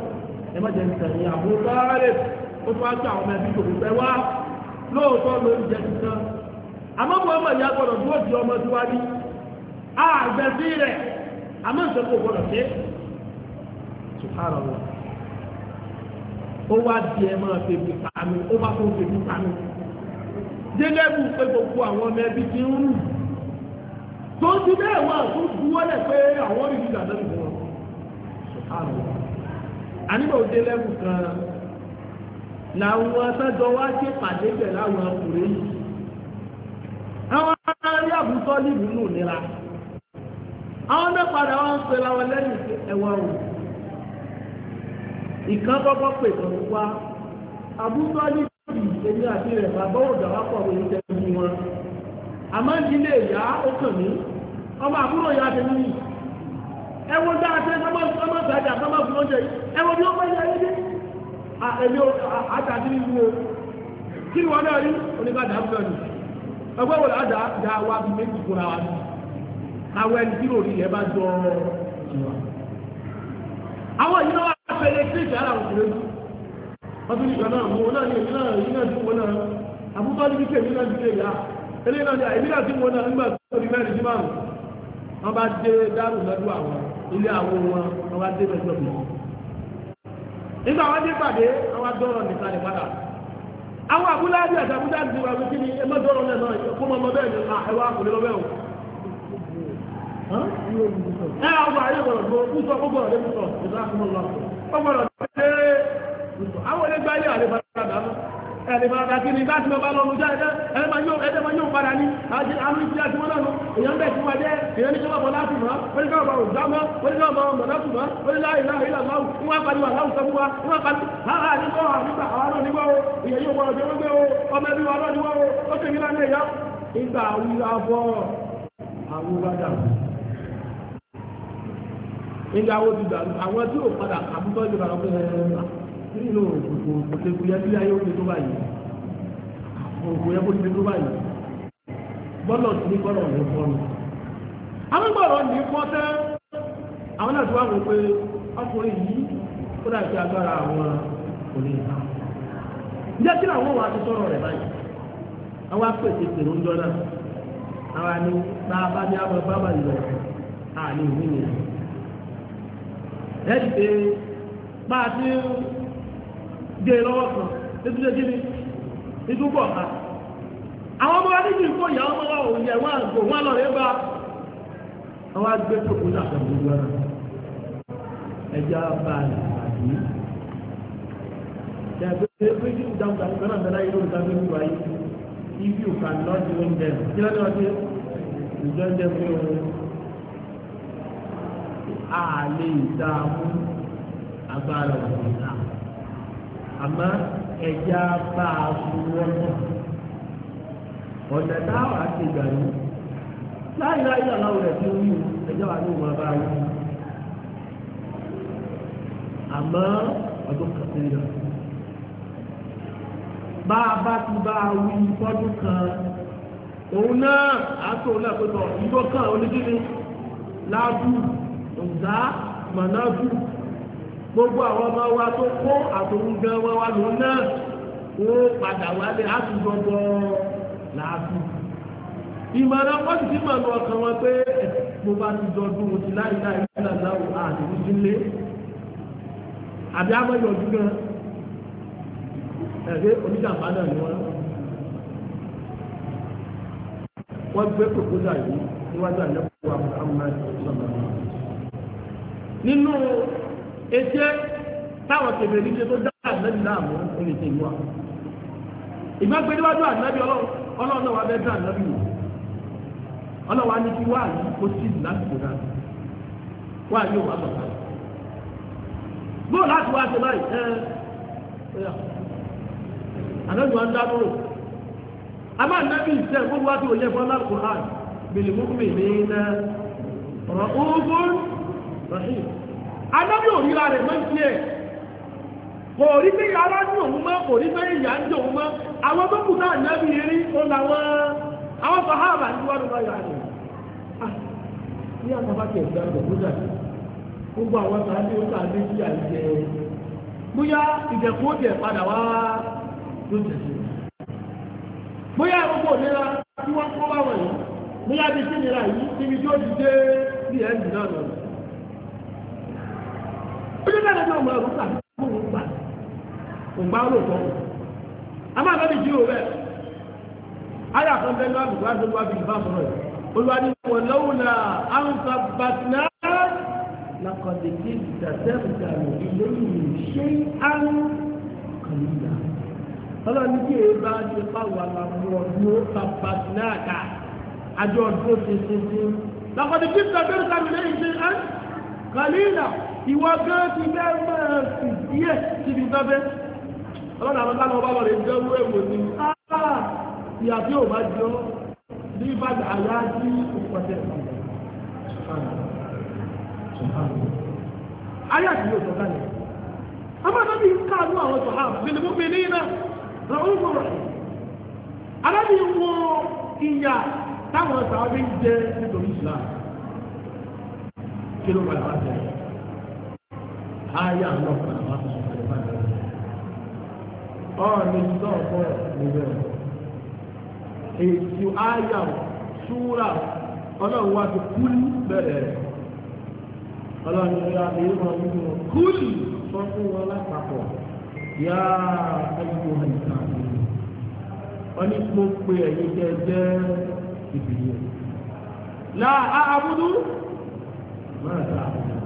ẹ má jẹ́ nìkan ní àbúrò tọ́lẹ̀ ó tún wá gbé àwọn ọmọ ẹbí tòkù fẹ́ wá lóòótọ́ lórí jẹ́ nìkan àmọ́ Muhammad yà gbọ́dọ̀ dúró di ọmọ tí wá ní àgbẹ̀sí rẹ̀ àmọ́ ìṣẹ́kù gbọ́dọ̀ ṣe subhanallah ó wá di ẹ máa fi fi pàmì ó bá tó fi fi pàmì délẹ́bù pé gbogbo àwọn ọmọ ẹbí ti ń rù tó ti bẹ́ẹ̀ wá tó buwọ́lẹ̀ pé àwọn ìdílé àníbà òde lẹ́bù kan làwọn sẹ́jọ wá sí pàdé bẹ̀ láwọn ọkùnrin yìí àwọn aráàlú àbútọ́ nílùú nù nira àwọn mẹ́padà wọn ń so làwọn lẹ́yìn ẹ̀wà o ìkan kọ́kọ́ pè tó wá èmi àti rẹ̀ bàbá òdà pọ̀ wọ́n wọn àmọ́ ìdílé ìyá ó kàn mí ọmọ àbúrò ìyá ẹwọ dáa tẹ sọmọ ìtajà sọmọ fún oúnjẹ ẹwọ bí ó pẹ́ àtàdé o kí ni wọn náà rí ń ẹgbẹ́ dá wa bí méjì fúnra wa àwọn ẹni tí yẹn bá jọ àwọn yìí náà wà náà náà ní èmi náà náà ti náà àbúkọ́ ní kíkẹ́ ilé àwọn wọn wọn wá dé pẹ̀lú ọ̀gbìn. nígbà wọn dé pàdé àwọn adọ́rọ̀ nìkan ní padà. àwọn àbúlá àti àtàbújá ti wà wí kí ni ẹ mọ́tọ́rọ̀ náà náà kó mọ́ ọmọ bẹ́ẹ̀ ni àìwá kò lè lọ bẹ́ẹ̀ o. ẹ àwọn àyè gbọ́dọ̀ tó kú sọ gbọ́dọ̀ lé kú sọ ìdá àwọn olè gba ilé àlè ẹ̀lẹ́mọ̀ àti ní bá ti mọ̀ bá lọ́nu jẹ́ ẹ̀dẹ́ máa yóò padà ní àti àmì tí a ti wọ́n lọ́nu èèyàn bẹ̀ tí wọ́n jẹ́ èèyàn ní kí wọ́n bọ̀ láti mọ̀ wọ́n ní kí wọ́n bọ̀ òjá mọ́ wọ́n ní kí wọ́n bọ̀ ọmọ láti mọ́ wọ́n ní láì láì láwù wọ́n pariwo aláwù sọ fún wa wọ́n pariwo ara àdìgbò àdìgbà àwọn náà níwọ̀ o èèyàn yóò gbọ́dọ̀ jẹ́ wọ́n gbé o ọmọ ẹbí wa náà níwọ̀ o ó sì nílá ní ẹ̀yà ìgbà àwùjọ àbọ̀ àwùjọ ìgbà wo ti dàrú àwọn tí ò padà àbútọ́ ìjọba lọ́pẹ́ nínú òkòkò òkòkò yẹ kí ayé òkè tó báyìí òkòkò yẹ kó ti tó báyìí bọ́lọ̀ sí ní bọ́lọ̀ ní bọ́lọ̀ àwọn bọ́lọ̀ ní pọ́tẹ́ àwọn náà tó wà wò ọkùnrin yìí ó dà sí agbára àwọn òní ìta ǹjẹ́ kí làwọn wà á ti sọ̀rọ̀ rẹ̀ báyìí àwọn apèsè pèrò ń jọ náà àwọn àni bá a bá ní bá gé lọ́wọ́ kan nítorí ẹgbẹ́ mi àwọn ọmọ ìyá ọmọ yẹ àgbò lọ rẹ bá àwọn agbé tó kó dàgbà gbogbo ndị ẹjẹ bá a lè pàdé yàgbé pé kí n dáhùn dáhùn kọ́nà dáná yìí ló ń dáhùn nípa yìí ibi ò kàn lọ́ọ́ di oúnjẹ kí lọ́ọ́ ìjọ ń àlè ìdààmú àmọ́ ẹja bá a wọ́n náà ọ̀nà táwọn àti ìgbà yìí láyé láyé aláwọ̀ rẹ̀ tí ó yù ẹjọ́ wa ní ìwọ̀n bá yù àmọ́ ọdún kan sí rẹ̀ bá a bá ti bá a wí fọ́dún kan òun náà àtò náà pẹ̀lú ìgbọ́kàn onídìrí láàbù ọ̀gá mànáàbù gbogbo àwọn ọmọ wa tó kó àtòun gan wa wà lòun náà ó padà wálé àtúndọ̀dọ̀ làásù ìmọ̀ràn pọ́sì tí màá lọ ọkàn wọn pé mo bá ti dọdún mo ti láì láì nílà láwù àdìrí sílé àbí amọ̀yọ̀dún gan ẹ̀rẹ́ oníjàmbá náà ni wọ́n wọ́n gbé proposal yìí níwájú àlẹ́kùn wa Muhammad sọ̀rọ̀ nínú ètè táwọn tèbè ní ṣe tó dá ànábì láàmú ó lè tèmi ìgbàgbé níwájú ànábì ọlọ́run náà wà bẹ́ẹ̀ dá ànábì wò ọlọ́run wà ní kí wá àyè kó sí ìlú náà láti wá ṣe báyìí ẹ ẹ ànábì wa ń dá lóró àmọ́ ànábì ìṣẹ́ gbogbo wá sí òye fọlá kùrán na mú mi ní rẹ̀ mọ́ sí ẹ̀ kò rí pé ara ní òun mọ́ kò rí pé ìyá ń jẹ òun mọ́ àwọn tó kù náà náà rí ó làwọn àwọn sàhábà ní wọ́n lọ́wọ́ yà rẹ̀ ah, ní àtàbà kẹ̀ ìgbà rẹ̀ kó dàbí gbogbo àwọn ó sí àìjẹ bóyá ìjẹ̀kú ó jẹ̀ padà wá jẹ̀ sí ojú náà lọ́jọ́ ọmọ ẹ̀rọ gbà kó ń gbà kò gbà ó tọ́ a máa lọ́bi jí o bẹ́ẹ̀ ayé àkọ́ńtẹ́ ní àbùkù àti olúwa bíi bá sọ̀rọ̀ ní wọn lọ́wọ́ bàtìnà lakọ̀dẹ̀dẹ̀ ìdàtẹ́bùtà ilé ìlú ti fáwọn àwọn ọdún bàtìnà kà àjọ ọdún ṣinṣin lakọ̀dẹ̀dẹ̀ àrùn kàlíyà ìwọ gan ti fẹ́ máa sì díẹ̀ síbi sábẹ́ ọlọ́dà àwọn táwọn ọba lọ rẹ̀ jẹ́ owó èwò ni ìyá tí ò bá jọ ní ìbàdàn àyà sí òpòtẹ́ ayé àti yóò sọ kalẹ̀ amánábì ń káàánú àwọn sọ̀há bẹ̀lẹ̀ mọ́bẹ̀ ní iná rẹ̀ ó sọ̀rọ̀ alábì ń wọ ìyà táwọn sàábì ń jẹ nítorí ìsìláà kí ló padà wá jẹ́ áyà náà padà wá sọ̀rọ̀ pẹ̀lú bàbá rẹ̀. ọ̀rọ̀ mi sọ ọ̀pọ̀ níbẹ̀ o èsì áyà súra ọlọ́run wá ti kúlù bẹ̀rẹ̀ rẹ̀ ọlọ́run yóò yá èyí wọn nínú kúlù sọ fún wọn lápapọ̀ yá ẹ̀yọ́ ẹ̀ka wọn ní kó pe ẹ̀yin jẹ́jẹ́ ìbílẹ̀. la àbúdú máa ta àbúdú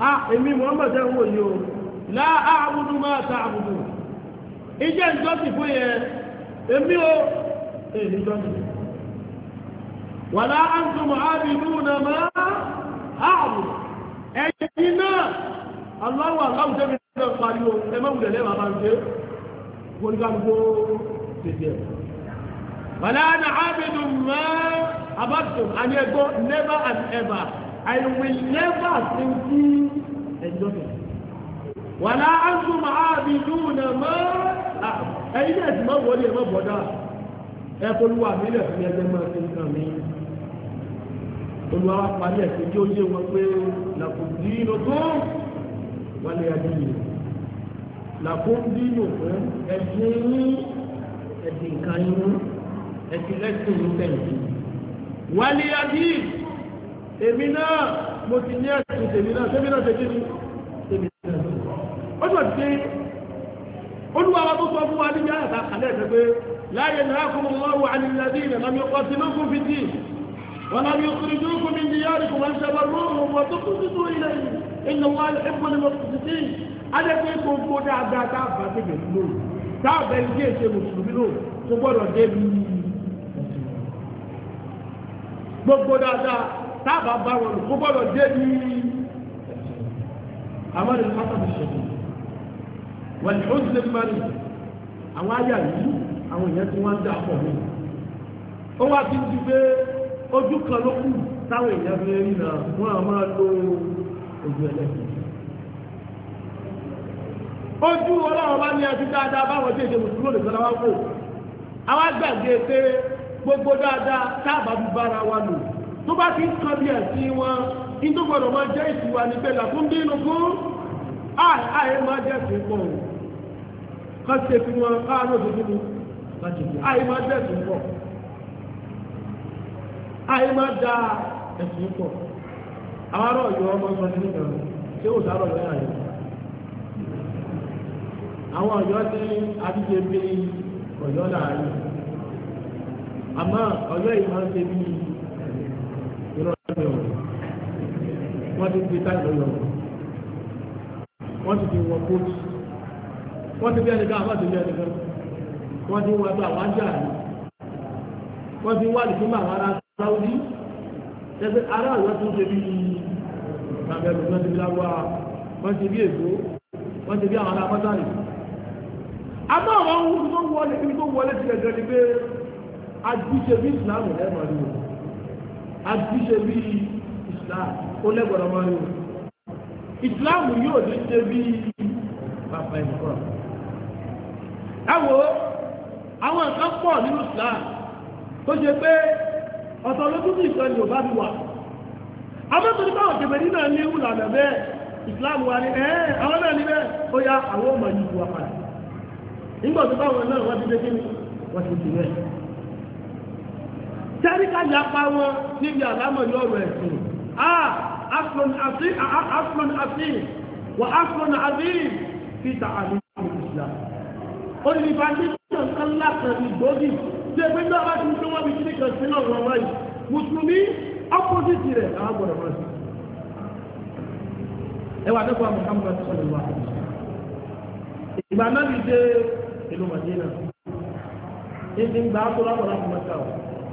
a èmi Muhammad ẹ̀ wò yìí o láà àbùdù máa ta àbùdù ìjẹ́ ìjọsìn fún yẹn èmi o èmi jọ́sìn wàlá àǹtùmọ̀ àbìdù náà máa àbùdù ẹ̀yìn náà aláwọ̀ aláwùjẹ́ mi náà pariwo ẹ má wulẹ̀ lẹ́wọ̀ àbáńṣe wọ́n ká gbó tètè ẹ̀. wàlá àná máa àbàtùm àní never and ever. I will never sinful ẹjọ́sìn. Wàlá Ásùn máa bí lúùnà mọ́ ẹ̀yìn náà ti máa wọlé ẹ̀mọ́ bọ̀dá. Ẹ polúwa mi lẹ̀ fún ẹgbẹ́ máa fi nǹkan mi. Olúwa parí ẹ̀sìn tí ó yé wọn pé làkùn dínú tó wálé adìyẹ. Làkùn dínú fún ẹ̀sìn yín ẹ̀sìn kan yín ẹ̀sìn lẹ́sìn yín tẹ̀lé. Wálé adìyẹ èmi náà mo ti ní ẹ̀sùn tèmi náà tèmi náà tèmi ní tèmi náà ó sọ pé olúwa wa tó sọ fún wa níbi àyàtà àlẹ́ ẹ̀sẹ̀ pé láàyè náà kó mọ́ wà ní ìlàdí ilẹ̀ lámì ọkọ̀ sí ló kún fìdí wọn lámì ọkùnrin tó kún mi ní yára kò máa ń sábà lóòrùn wọn tó kún títú ilẹ̀ ìlú wa ẹ̀kọ́ ni mo ti sí adẹ́gbẹ́ gbogbo dáadáa tá a bá tẹ̀lé lóòrùn tá a bẹ̀rẹ̀ ilé ìṣe mùsùlùmí lóòrùn tó gbọ́dọ̀ débi gbogbo dáadáa táàbà bá wọn kó gbọ́dọ̀ dé ní amadu n'afọ ṣẹ̀dù wọ́n ti ó ti lè mari àwọn ayà yìí àwọn èèyàn tí wọ́n ń dà pọ̀ mí ó wá ti pé ojú kan ló kù táwọn èèyàn fi rí náà wọ́n á máa lo ojú ẹlẹ́sìn ojú ọlọ́run bá ní dáadáa báwọn tí èdè tó bá ti ń kan bí ẹ̀sìn wọn ní tó gbọ́dọ̀ máa jẹ́ ìsìnwá ní làkún bínú fún àìáyé máa jẹ́ sí pọ̀ fi wọn káàánú òdòdó àìáyé máa jẹ́ sí pọ̀ àìáyé máa da ẹ̀sìn pọ̀ àwọn ará ọ̀yọ́ ọmọ sọ ní nìkan ṣé ó àwọn ọ̀yọ́ bí ọ̀yọ́ láàárín àmọ́ ọ̀yọ́ yìí máa ìrọ̀lẹ́ ọ̀rọ̀ wọ́n ti fi táìlì lọ́wọ́ wọ́n ti fi wọ kóòtù wọ́n ti bí ẹnìkan àwọn àti bí ẹnìkan wọ́n ti wọ ẹgbẹ́ àwọn ajá rẹ̀ wọ́n ti wá àdìsí mọ́ àwọn ará sáwùdí ẹgbẹ́ ará àwọn tó ń ṣe bí ìgbàgbẹ́rù wọ́n ti bí lágbá wọ́n ti bí èkó wọ́n ti bí àwọn ará pátárì. àmọ́ àwọn ohun tó wọlé ibi tó wọlé ti gẹ̀gẹ́ ni pé àdìsí bí ìsìlámù lẹ́ẹ̀mọ́ àti bí islam ó lẹ́gbọ̀dọ̀ máa islam yóò ní ṣe bí bàbá ìmọ̀ràn ẹ wo àwọn nǹkan pọ̀ nínú islam tó ṣe pé ọ̀tọ̀ lójútù ìsọ ni ò bá fi wà amẹ́tọ̀ nípa àwọn kẹfẹ́ nínú ẹni ewu lànà bẹ́ẹ̀ islam wa ni ẹ̀ àwọn náà ni ó yá àwọn ọmọ yìí wà padà nígbà tó báwọn náà wọ́n tẹ́ríkà yapa wọn níbi àlámọ̀ yọ̀rọ̀ ẹ̀sìn ah afron afi afron afi wa afron afi fi ta àlè àwọn islam olùbánisọ̀n kọ́lá kan ìgbógi tí ẹgbẹ́ náà bá ti ń tó wọ́n bí kí nìkan sí náà wọ́n wáyé mùsùlùmí ọ́pọ́sìtì rẹ̀ àwọn gbọ́dọ̀ máa sí ẹwà dẹ́kọ̀ Muhammad sọ̀rọ̀ ìgbà náà ti dé ìlú Madina ìdí ń gbà á tó lápọ̀ lápọ̀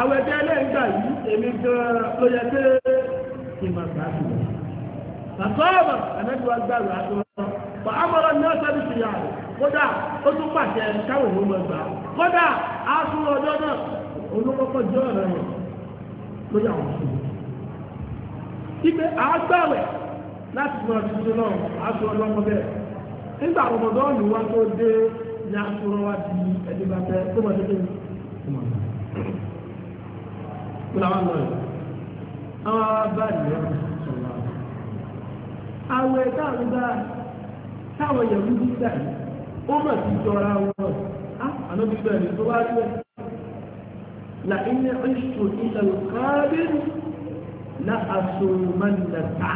àwẹ̀dẹ́ ẹlẹ́gbà yìí èmi gan ló yẹ pé ìmọ̀ gbàgbọ́ bàtọ́ọ̀bà ẹ̀mẹ́gbẹ̀wá gbàgbọ́ àtọ́ bà á mọ̀rọ̀ ní ọ̀sẹ̀ ní rẹ̀ kódà ó tún pàṣẹ káwọn òun gbà kódà á tún ọjọ́ náà olókọ́kọ́ ọ̀rẹ́ rẹ̀ ló yà wọ́n sí i á gbàwẹ̀ láti á tún ọlọ́mọ bẹ́ẹ̀ nígbà láwọn lọ yìí àwọn bá nìyẹn sọ̀rọ̀ àwọn àwẹ̀ táwọn bá táwọn yẹ̀wù bí gbà yìí ó mọ̀ sí jọra wọn àná bí bẹ́ẹ̀ ni tó bá rí ẹ̀ là ilé oṣù ilẹ̀ káàdé la àsòmọ́nà tààtà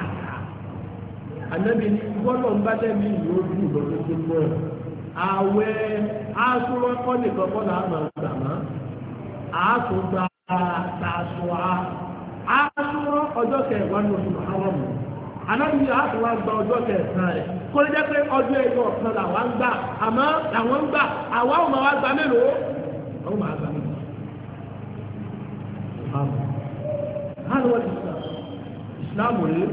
ànábi ní gbọ́dọ̀ ń bá dẹ́bi ìlú ojú ìlọ́dún tó gbọ́ ẹ̀ àwẹ̀ aṣọ́rọ́kọ́ nìkan kọ́ là á má àásùn gba àtàṣùwà àṣùwà ọjọ́ kẹwàá ní oṣù àwọn mọ̀ anábì àṣùwà gba ọjọ́ kẹsàn-án rẹ̀ kó lè jẹ́ pé ọjọ́ ẹ̀yọ ọ̀kan làwọn ń gbà àmọ́ làwọn ń gbà àwa ò máa wá gba mélòó àwọn máa gba mélòó. Hálùwọ̀ ìsìlámù ìsìlámù rèé.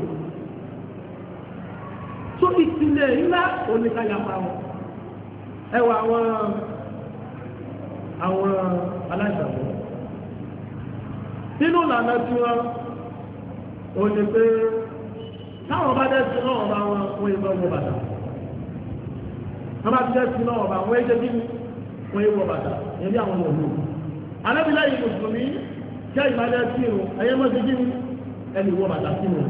Tó ìpìlẹ̀ ńlá oníkàyàpá wọn. Ẹ wọ àwọn àwọn aláìsàbọ̀ nínú ìlànà tí wọn ò ní pé táwọn bá dẹ́ sí náà ọba wọn wọn yìí wọ bàtà wọn bá dẹ́ sí náà ọba wọn yìí jẹ́ kí wọn yìí wọ bàtà yẹn bí àwọn ọmọ òun alábìlẹ̀ yìí mùsùlùmí jẹ́ ìbàdàn sí o ẹ̀yẹ mọ́tò kí ni ẹni wọ bàtà sí o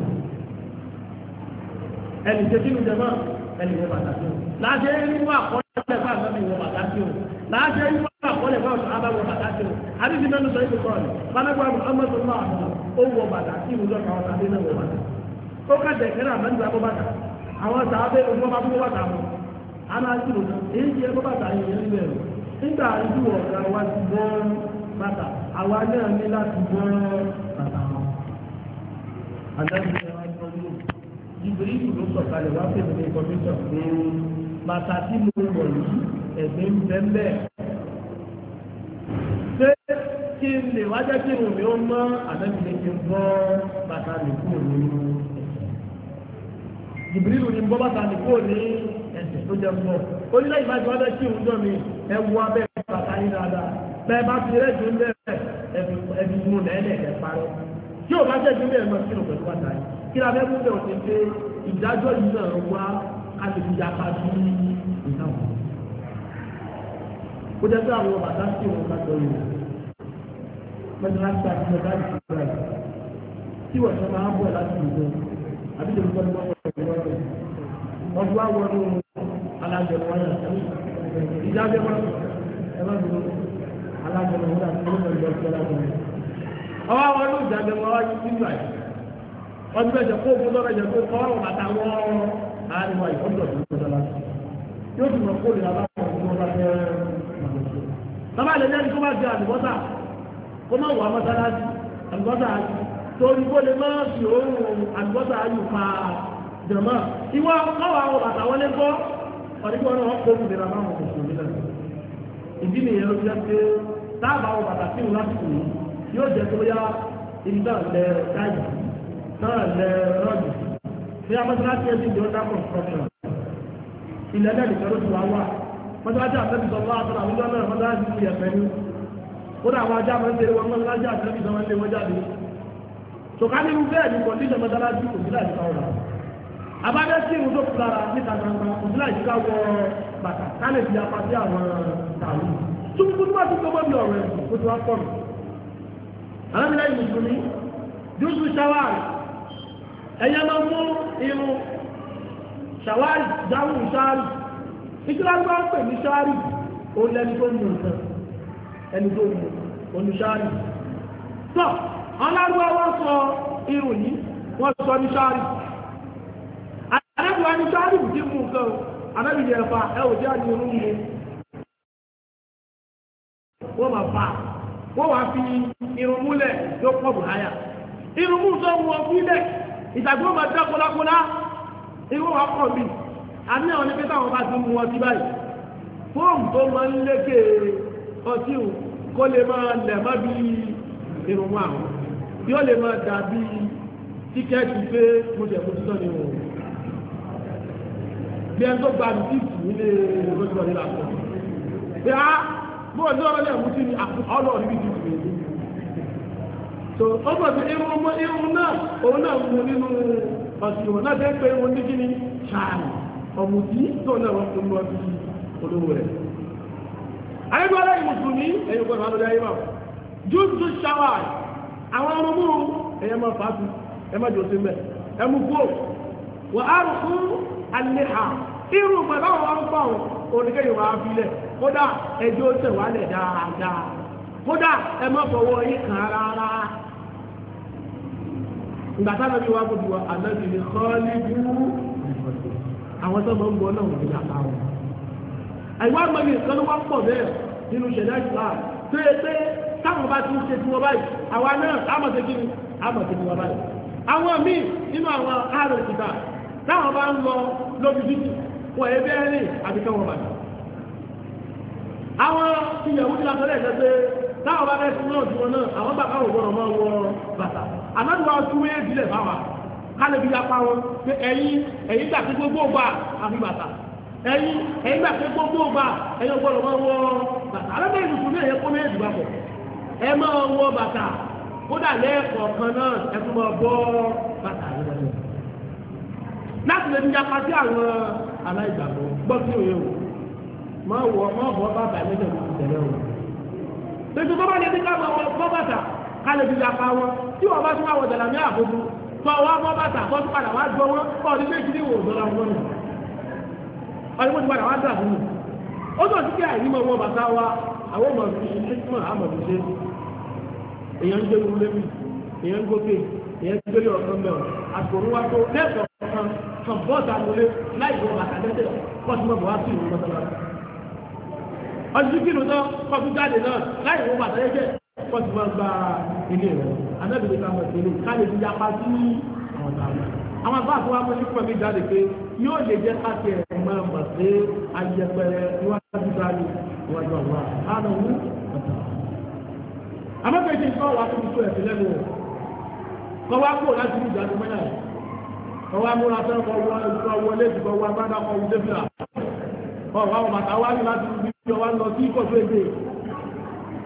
ẹni tẹ́kí ni jẹ́ mọ́ ẹni wọ bàtà sí o láti ẹni wọ àkọ́jọ́ ẹgbẹ́ àgbẹ̀ mi wọ bàtà sí o. bá a ṣe ń wá àkọọ́lẹ̀ fún àwọn abáwọ̀ bàtà tí ó àdìsí mẹ́nu sọ ìdí kọ́ọ̀lù fanagba muhammad sallallahu alaihi wasallam ó wọ bàtà tí ìlú lọ́kà ní bàtà ẹ̀gbẹ́ ń bẹ́ ń bẹ́ ṣé kí n lè wá jẹ́ kí n mi ó mọ́ àtẹ́bíyẹ kí n bọ́ bàtà mi kúrò ní ìbílílù ni bọ́ bàtà mi kúrò ní ẹ̀sẹ̀ tó jẹ́ mọ́ ó ní lẹ́yìn bájú wájú kí n jọ mi ẹ wọ abẹ́ bàtà yín dáadáa bẹ́ẹ̀ bá ti rẹ́ jù ń bẹ́ẹ̀ ẹbí mú lẹ́lẹ̀ ẹ̀ parọ́ tí ò bá jẹ́ jù bẹ́ẹ̀ mọ́ sínú pẹ̀lú bàtà yín kí la fẹ́ mú bẹ́ẹ̀ kó jẹ́ pé àwọn bàtà sí ìwọ̀n ká tọ́lù mẹ́tàlásí àti mẹ́tàlásí ìgbà tí wọ́n sọ máa ń bọ̀ láti ìlú àbí lè gbọ́dọ̀ wọ́n wọ́n wọ́n wọ́n wọ́n wọ́n wọ́n alájọ wọn yà ìdájọ́ wọn ẹ má dúró alájọ wọn yà tó lọ́wọ́ ìjọ ìjọ lájọ wọn. ọwọ́ wọn ló dàgbẹ́ wọn wá yí sílùú àyè wọ́n ti bẹ̀jẹ̀ kó òkú lọ́rọ̀ yẹn pé kọ́ọ̀rọ̀ bàtà wọ́ọ́rọ́ àárín wa ìfọ́jọ́ ìjọba yóò tún mọ̀ kó lè bàbá ilẹ̀ jẹ́ kó má jẹ àlùbọ́sà kó má wà mọ́sálásí àlùbọ́sà ayù torí kó lè má fi òórùn àlùbọ́sà ayù pa jẹ̀mọ́ ìwọ káwà àwọn bàtà wọlé kọ́ ọ̀dígbọ́n náà wọ́n kó omi ìlera máa wọ̀ kòkòrò nílẹ̀ ìdí nìyẹn ló jẹ́ pé táàbà àwọn bàtà sí ìwọ́n lásìkò yìí yóò jẹ́ tó yá ibi náà lẹ táyì náà lẹ rọ́ọ̀dù bí a mọ́sálásí ẹ̀ mọ́tàlájà àtẹ́bí sọ lọ́wọ́ àtàrà àwọn ọlọ́rọ̀ mọ́tàlájì ní ẹ̀fẹ́ ní ó dà àwọn ajá máa ń tẹ̀lé wọn mọ́tàlájà àtẹ́bí sọ wọn lé wọn jáde tòká nínú bẹ́ẹ̀ ni kọ̀ndíṣẹ̀ mọ́tàlájì kò sílẹ̀ àyíká ọ̀rọ̀ abájá sí ìwúdó fúlára níta gbangba kò sílẹ̀ àyíká wọ bàtà kálẹ̀ fi apá sí àwọn tààlù tuntun bá ti gbọ́ ẹ̀yẹ́ máa mú irun ṣàwárì dáhùn ṣáàrì ìkílágbá ń pè ní ṣáàrì ó lẹ́ni tó mú nǹkan ẹni tó mú oníṣáàrì wọn ọlárúwá wọ́n sọ irun yìí wọ́n sọ ní ṣáàrì àrẹ́bùwá ní ṣáàrì kì í mú nǹkan àrẹ́bìyẹ ẹ̀fà ẹ ò jẹ́ àdìyẹ orú mu wọ́n máa fà wọ́n wá fi irun múlẹ̀ ló pọ̀ bù irun mú sọ wọ́n fi lẹ̀ ìtàgbọ́n máa dá kọlákọlá irun wà pọ̀ bíi àbí àwọn onípẹ́ táwọn bá ti mú wọn sí báyìí fóòmù tó máa ń lékè ọtí ò kó lè máa lẹ̀ má bí ìrùnmọ́ àwọn yóò lè máa dà bí tíkẹ́ẹ̀tì pé mo jẹ̀ mo ti tọ́ ni wọn bí ẹni tó gba rìsíìtì nílé olóṣèlú ọ̀rẹ́ làkọ́ pé á bó o ní ọ̀rọ̀ náà mú sí ni ọ̀rọ̀ orí ti tù mí ó bọ̀ sí irun náà òun náà mú nínú ọ̀sìn wọn náà fẹ́ pé irun ní kí ni ṣáàlì ọ̀mùtí tó náà wọ́n tó lọ bí olówó rẹ̀. àyẹ̀bọ̀ aláì mùsùlùmí ẹ̀yìn gbọ́dọ̀ alóde ayé máa júùtù ṣáwà àwọn ọmọ múru ẹ̀yẹ máa fà á tu ẹ má jò sí mẹ́ ẹ mú kú wà á rù fún àlehà irú pẹ̀lú àwọn arúgbó àwọn oníkẹ́ yóò wá filẹ̀ kódà ẹjọ́ tẹ̀ wá lẹ̀ dáadáa kódà ẹ má fọwọ́ yín kàn rárá ìgbà táwọn ibi wá wá àlejò ní àwọn tó máa ń bọ náà wọ́n ti yàtá wọn. àìwá àgbọ̀nì nǹkan ló wá pọ̀ bẹ́ẹ̀ nínú ìṣẹ̀lẹ̀ ìṣúra tó yẹ pé táwọn bá ti ń ṣe tiwọn báyìí àwa náà àmọ̀ ṣe kíni àmọ̀ ṣe tiwọn báyìí. àwọn míì nínú àwọn àrùn ìgbà táwọn bá ń lọ lójú títì wọ́n ẹ bẹ́ẹ̀ rìn àti kẹ́wọ̀n bàjẹ́. àwọn ìyàwó ti lásán lẹ́sẹ̀ pé táwọn bá fẹ́ sún náà tiwọn náà àwọn bàbá òwúrọ̀ máa wọ bàtà àmọ́ kálẹ̀bí lápá wọn pé ẹ̀yin ẹ̀yin gbà pé gbogbo ọgbà àfi bàtà ẹ̀yin ẹ̀yin gbà pé gbogbo ọgbà ẹ̀yin ọgbọ́dọ̀ máa wọ bàtà alábẹ́yìn tuntun ní ẹ̀yẹ kó méjì bá pọ̀ ẹ máa wọ bàtà kódà lẹ́ẹ̀kọ̀ọ̀kan náà ẹ tún máa bọ́ bàtà yìí lọ́dọ̀ láti lè ní yapa sí àwọn aláìgbàgbọ́ gbọ́ sí òye o máa wọ máa bọ́ bàtà ẹlẹ́dẹ̀ tó ti tẹ̀lé o tètè tó bá lè ní ká máa wọ bàtà kálẹ̀bí lápá wọn tí wọ́n tọ́ bọ́ bàtà kọ́ padà wá gbọ́ wọn kọ́ méjì ní ìwò ìdọ́ra wọn nù ọdún méjì padà wá dà fún ó àìní wọn bàtà wa àwọn ọmọ fi ṣíṣímọ̀ àmọ̀tò ṣe èèyàn ń gbé irú lẹ́mí èèyàn ń gòkè èèyàn ń gbélé ọ̀kan mẹ́wọ̀n àtòrú wa tó lẹ́ẹ̀kọ̀ọ̀kan kan bọ́ọ̀dù àmúlé láì wọ bàtà lẹ́sẹ̀ wọ́n ti máa gba ilé rẹ̀ anábìlẹ̀ ká máa tẹ̀lé ká lè fi yapa sí àwọn tààlà àwọn àbá àti wọn mọ nípa mi jáde pé yóò lè jẹ́ káàkiri ẹ̀ máa mọ̀ pé ayẹpẹrẹ níwájú dáre níwájú àwọn àánú wú ọ̀tà. amákẹ́jì nǹkan wà fún ìṣó ẹ̀sìn lẹ́nu o kọ́ wá kó láti ní ìdájọ́ mẹ́ta rẹ̀ kọ́ wá múra fẹ́ kọ́ wọ wọlé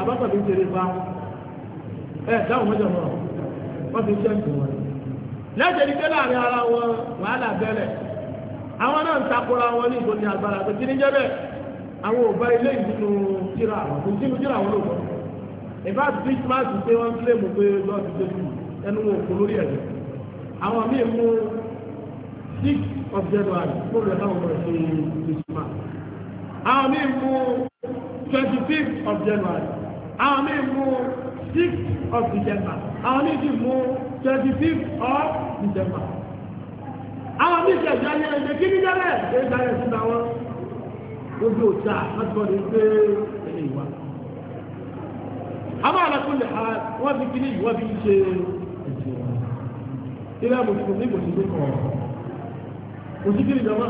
àbátọ̀ fi ń ṣeré pa ẹ̀ dáhùn mẹ́jọ náà wọ́n fi ṣe ń tún wọn. lẹ́sẹ̀ ní pé láàrin ara wọn wàhálà bẹ́lẹ̀ àwọn náà ń takora wọn ní ìbòmí agbára pé kí ní jẹ́ bẹ́ẹ̀ àwọn ò bá ilé ìdúnnú tíra àwọn kò sínú tíra àwọn lóòótọ́ ìbá kírísímàsì pé wọ́n ń kílè mú pé lọ́ọ̀dù tó kù ẹnu wọn kò lórí ẹ̀rọ àwọn míì mú six of January kó lọ náà wọ́n ṣe kírísímàsì àwọn míì mú twenty fifth of January àwọn míì mú six of December àwọn míì sì mú twenty six of December àwọn míì sì ẹ̀jẹ̀ ayé ẹ̀jẹ̀ kí ní jẹ́lẹ̀ ṣe é dáyẹ̀ sí àwọn ojú òjá láti kọ́ ni pé ẹ̀yẹ ìwà àmọ́ àlàkùnlé wọ́n fi kí ní ìwọ́n fi ń ṣe ìṣẹ́ ilé mùsùlùmí kò sí ní kọ̀ kò sí kí ní jọmọ́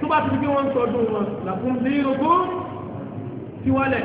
tó bá ti di pé wọ́n ń tọ́jú wọn làkúndínlógún tiwálẹ̀.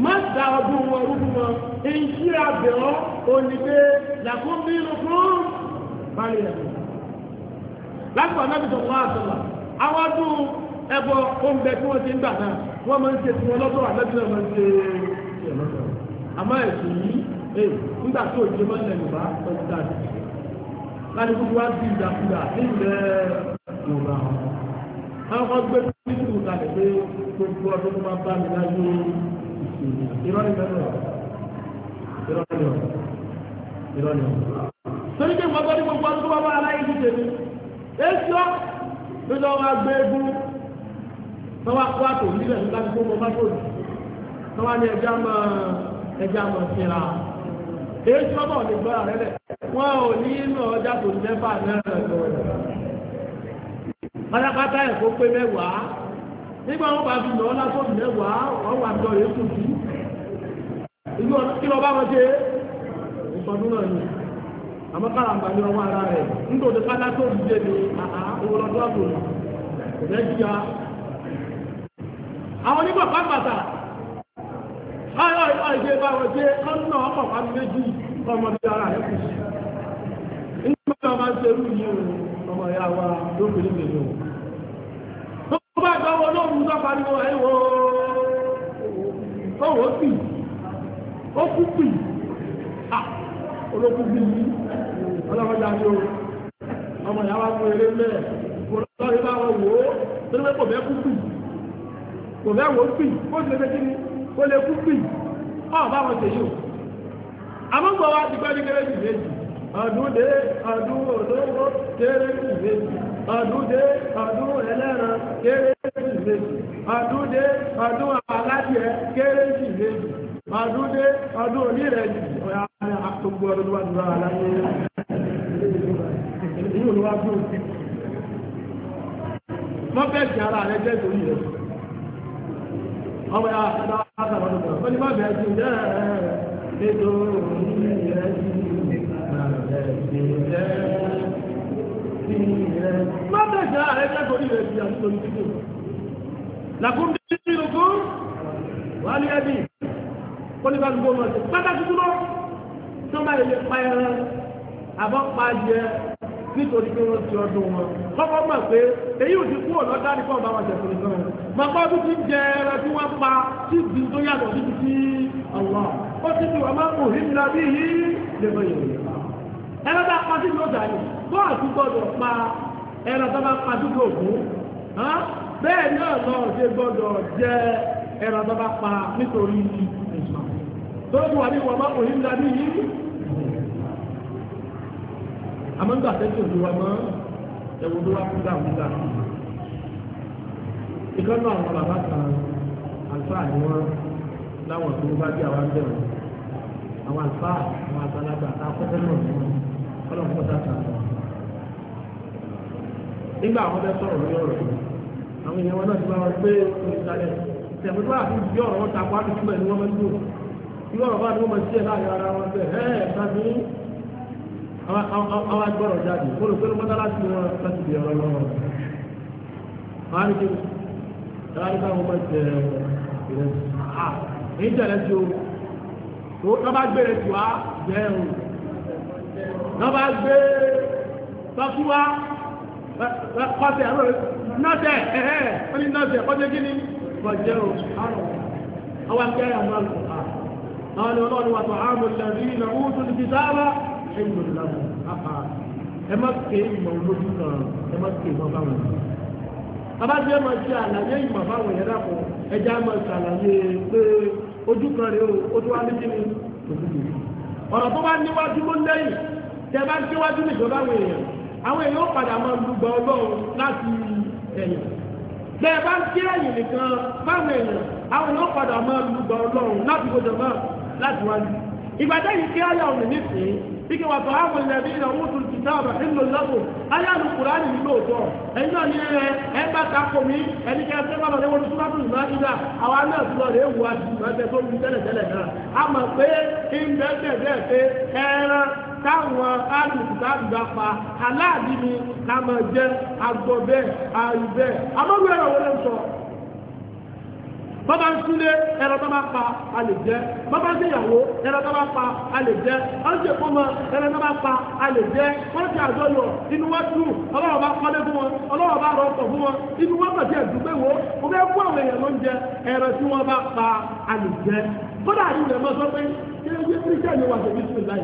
má da ọdún wọn rúbú wọn èyí tí a bẹ̀ ọ́ onígbé làkún bínú fún balẹ̀ ẹ̀kọ́ láti wà nábìtì wọn àtọ̀là àwọn ọdún ẹbọ oúnjẹ tí wọ́n ti ń gbà náà wọ́n máa ń ṣe tiwọn lọ́dọ̀ àlẹ́bí náà máa ń ṣe tiẹ̀ àmọ́ ẹ̀sìn yìí ee nígbà tó ìjọba máa ń lẹ yorùbá ọdún dáadé láti gbogbo wa di ìdàkudà nílẹ̀ yorùbá àwọn kan torí pé wọ́n gbọ́dọ̀ gbogbo ọdún tó wọ́n bá aláyé ti tèmi èsì ọ́ ló lọ́ wá gbé egun wọ́n wá kó àtò nílẹ̀ nígbà tí gbogbo bá tó dì wọ́n wá ní ẹja máa ẹja máa fira èsì ọ́ náà lè gbọ́ àrẹ́ lẹ̀ wọ́n ò ní inú ọjà tó ní mẹ́fà náírà lọ́wọ́ pátápátá ẹ̀kọ́ pé mẹ́wàá nígbà wọn bá fi lọ́ọ́ lásán ìlẹ́wàá wọ́n wà jọ èyí kù sí ìlú ọ̀nà kí lọ bá wọn ṣe ìsọdún náà ni àmọ́ káràmbà ní ọwọ́ ara rẹ̀ nítorí àhá owó àbò àwọn onígbà pàpàtà ayọ̀ ìlú àìṣe bá wọn ṣe ọdún náà méjì ara sí nígbà wọn máa ń ṣerú yìí pariwo ẹ̀wọ̀ ọwọ́ pì ó kú pì à olókùn bí yìí ọlọ́mọdé àti o ọmọ ìyá wa kú eré mẹ́ olórí bá wọn wò ó torí pé kò fẹ́ kú pì kò fẹ́ wò ó pì ó ti lè kí ni lè kú pì ọ̀ bá wọn tèyí o wa ti gbẹ́ ní kéré jù àdúdé àdúrò lówó kéré jù méjì àdúdé àdúrò ẹlẹ́ran kéré kérésìmesì ọdún dé ọdún aládìẹ kérésìmesì ọdún dé ọdún onírẹ̀jì ọ̀yà àtúgbò ọdún wà nílò aláyé ìlú olúwa tó mọ́ bẹ́ẹ̀ sí ara rẹ̀ jẹ́ torí rẹ̀ ọmọ ya látàrà ọdún kan ó ní má bẹ́ẹ̀ sí jẹ́ nítorí rẹ̀ sí rẹ̀ má bẹ́ẹ̀ sí ara rẹ̀ jẹ́ torí rẹ̀ sí àtúntò làkún bí i lókún wà ní ẹbí kọ́líbà gbogbo ọmọ sí pátá tuntun lọ tí wọ́n bá lè pa ẹran àbọ̀ pa jẹ nítorí pé wọ́n ti ọdún wọn kọ́kọ́ mọ̀ pé èyí ò ti kú ọ̀nà dárí fún ọ̀bá wọn tẹ̀sí nìkan wọn màkà ọdún ti jẹ ẹran tí wọ́n pa tí ìdí tó yàtọ̀ sí ti ti ọ̀wọ́ ó ti di ọmọ kò rí mi lábí yìí lè mọ ìròyìn ẹran bá pa sí ló dà ní bọ́ọ̀sì gbọ́dọ̀ pa ẹran tó bá pa dúró ògún bẹ́ẹ̀ náà lọ ṣe gbọ́dọ̀ jẹ ẹran tó bá pa nítorí ìsàn tó ń wà ní wọn bá kò ní ńlá ní yìí àmọ́ nígbà tẹ́tí òjò wa mọ́ ẹ̀wọ̀n tó wá fún dàmúdà ìkọ́nà àwọn bàbá kan àlùfáà ni wọ́n láwọn tó bá bí àwọn bẹ̀rù àwọn àlùfáà àwọn àgbàlagbà àkọ́kọ́ náà ni wọ́n kọ́lọ̀ fún ọ̀tá kan nígbà àwọn bẹ́ẹ̀ sọ̀rọ̀ lórí ọ̀rọ̀ yìí àwọn èèyàn wọn náà ti máa gbé ìsàlẹ̀ tẹ̀mí tó àfi bí ọ̀rọ̀ wọn takò àti túbẹ̀ ni wọ́n máa ń dùn irú ọ̀rọ̀ báyìí wọ́n máa ṣe láàrin ara wọn bẹ́ẹ̀ ẹ̀ tàbí àwọn agbọ́rọ̀ jáde olùkọ́ni mọ́tà láti wọn láti bí ọ̀rọ̀ lọ́wọ́ wọn á ní kí ẹ̀rọ káwọn máa jẹ ìrẹsì à èyí jẹ́ ìrẹsì o tó lọ́ba gbé ìrẹsì wá jẹ́ o lọ́ba gbé tọ́kí wá kọ́sẹ̀ àlọ́ nọ́ọ̀tẹ̀ ẹ̀hẹ́ onye ní nọ́ọ̀tẹ̀ kọjá kí ni àwọn akẹ́rẹ́ ṣe àlàyé ìmọ̀ báwọn ṣàlàyé pé ojú kan ní kí ni ọ̀rọ̀ tó bá níwájú ló lẹ́yìn àwọn èèyàn àwọn èèyàn ẹ̀yìn bẹ́ẹ̀ bá ń kí ẹ̀yìn nìkan báwọn èèyàn àwọn náà padà máa lu gbà ọlọ́run láti gbọdọ̀ máa láti wá ní. ìgbà tẹ́yìn kí ayé ọ̀nà nísìnyí ike wà tó àwọn ẹ̀mí ìlà owó tuntun ti dáàbà nínú lọ́wọ́ ayé àlùkùrá nìyí lóòótọ́ ẹ̀yin náà ní ẹ ẹ bá ta kò mí ẹni kí ẹ fẹ́ bàbá lẹ́wọ́n tó bá tún ìgbà ìgbà àwa náà tún lọ rẹ̀ wù àti ìgbà tẹ tó ń tẹ́lẹ̀ tẹ́lẹ̀ náà a táwọn alùpùpù bá pa aláàbí ni ká máa jẹ agbọ bẹ́ẹ̀ ààrù bẹ́ẹ̀ amọ́lú ẹ̀rọ wọlé ń sọ bọ́bá ń súlé ẹ̀rọ tó bá pa a lè jẹ́ bọ́bá ń ṣèyàwó ẹ̀rọ tó bá pa a lè jẹ́ wọ́n ṣe fún wọn ẹ̀rọ tó bá pa a lè jẹ́ wọ́n ṣe àjọyọ̀ inú wọn dùn ọlọ́wọ́ bá kọ́lé fún wọn ọlọ́wọ́ bá rọ ọkọ̀ fún wọn inú wọn kàn sí wo mo fẹ́ fún àwọn èèyàn lóúnjẹ ẹ̀rọ tí wọ́n bá pa a lè jẹ́ kódà àdúgbò ẹ̀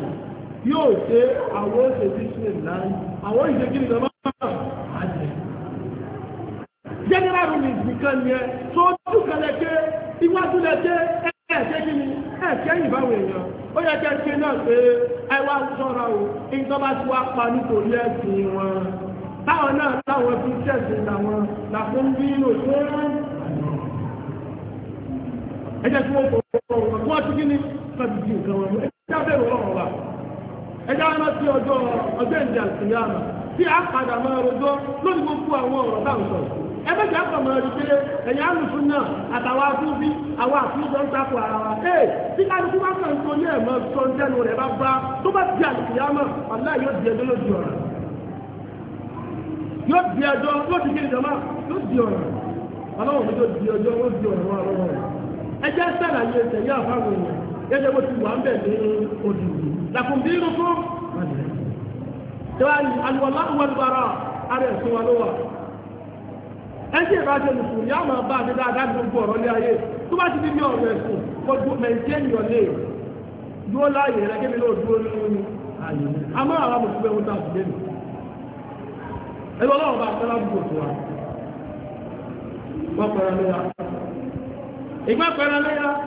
yóò ṣe àwọn oṣù bíṣẹ̀ láì àwọn ìṣègìrì lọ́mọ́ àjẹ́ general rules nìkan ni ẹ tó dúkẹ́lẹ̀ pé iwájú lẹ́tẹ́ ẹ̀ẹ́ṣẹ́ kí ni ẹ̀ẹ́ṣẹ́ ìbáwọ̀ èèyàn ó yẹ kẹ́ ṣe náà pé ẹwà sọ́ra o ìjọba ti wá pa nítorí ẹ̀sìn wọn táwọn náà táwọn fi ṣẹ̀sìn làwọn làfún bí òṣèré ẹjẹ́ tí wọ́n fọwọ́ wọn wọ́n ti kí ni sọ́dí ẹjá máa fi ọjọ́ ọjọ́ ìdí àtìyàmà tí a padà máa rojọ́ lórí gbogbo àwọn ọ̀rọ̀ bá ń sọ ẹgbẹ́jà kan máa rí pé ẹ̀yìn àlùfún náà àtàwọn afúnbí àwọn àfihàn ń takò ara wa ẹ̀ tí kálukú bá kàn tó ní ẹ̀mọ́ sọ ń tẹnu rẹ̀ bá bá tó bá di àtìyàmà ọ̀la yóò di ẹjọ́ lójú ọ̀rọ̀ yóò di ẹjọ́ yóò di kéde yóò di ọ̀rọ̀ gẹ́gẹ́ bó ti wà ń bẹ̀ ní odò làkùn ndị irun fún tẹ́wàá alùwàlá wàlúwàrà ara ẹ̀sùn wa ló wà ẹjí ìbáṣe mùsùlùmí yá máa bá mi dáadáa gbogbo ọ̀rọ̀ lé ayé tó bá ti di ọ̀rọ̀ ẹ̀sùn gbogbo dúró láàyè dúró ayé a máa àwọn a sì lé mi ẹ̀rọ bá gbogbo tó wa wọ́n pẹ̀rẹ̀ ìgbà pẹ̀rẹ̀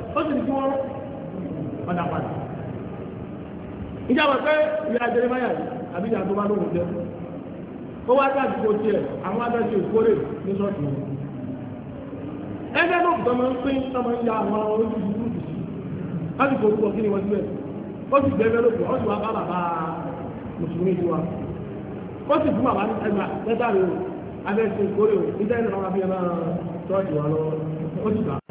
ó sì ní wọ́n padà ìjábọ̀ pé ìyá jẹrìmáyà àbí ìyá tó bá lóhùn jẹ ó wá dájú kó tiẹ̀ àwọn adájú ìkórè ní sọ́ọ̀tì wọn ẹgbẹ́ náà tó máa ń pín ya àwọn ojú ìlú ìsì láti kó orúkọ kí ni wọ́n ti bẹ̀ ó sì gbẹ́gbẹ́ lóko ó sì wá bá bàbá mùsùlùmí tiwa ó sì fún bàbá ẹgbà lẹ́tà rẹ̀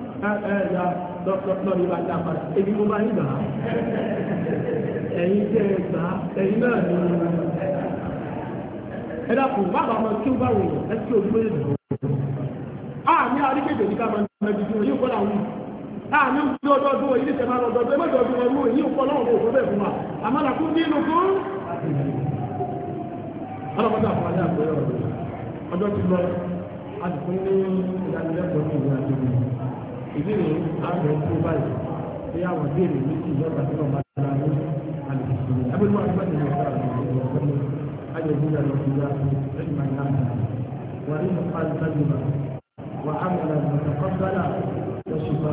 ẹ̀ẹ́dà lọ́pọ̀lọpọ̀ ìwà ìjà padà ebi mo bá yín gbà á ẹ̀yin tẹ́ ẹ gbà á ẹ̀yin náà ni ẹ bàbá tí ó bá wò ẹ tí ó gbé lò àmì ní yóò kọ́lá àmì ọdọọdún wọn ilé ìtẹ̀mọ́ ọdọọdún ẹgbẹ́ ọdún wọn ìdí ni àwọn tó báyìí bí àwọn béèrè ní ti ìjọba tí wọn bá dára ní àlùfíìsì ní abẹ́lú àgbàdo ní ọ̀gá àlùfíìsì ọ̀gbọ́n ayọ̀dún ní àlùfíìsì ẹ̀yìn máa ń yá àná wà nínú pálí sájúmọ̀ wà á mọ̀lá ìmọ̀tàkọ́sọ́lá lọ́sùpá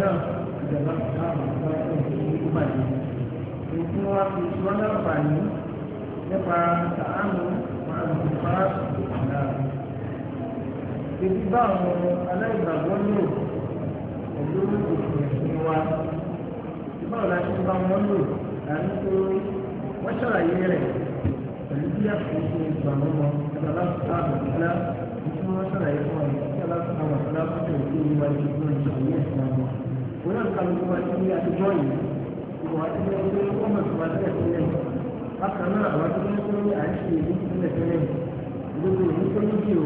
náà ìjọba ìjọba ìjọba ìjọba ìjọba ìjọba ìjọba ìjọba láǹfààní nípa sàánù àlùfà àdá. Ibi bá àwọn aláìgbàgbọ́ lò pẹ̀lú òkè ẹ̀sìn wa. Báwo la ṣe bá wọn tí wọ́n ṣàlàyé fún ọ̀nà tí aláṣọ àwọn aláṣọ òkú ní wájú náà ń ṣàlàyé ẹ̀sìn àwọn wọn náà ká lóko wá sí ní àtijọ́ yìí ìwọ̀n àti ní ẹgbẹ́ wọ́n mọ̀ tó wá tẹ́lẹ̀ tẹ́lẹ̀ bákan náà àwọn tó ń pín àìsí ìlú tẹ́lẹ̀ tẹ́lẹ̀ gbogbo ìlú tó ní bí o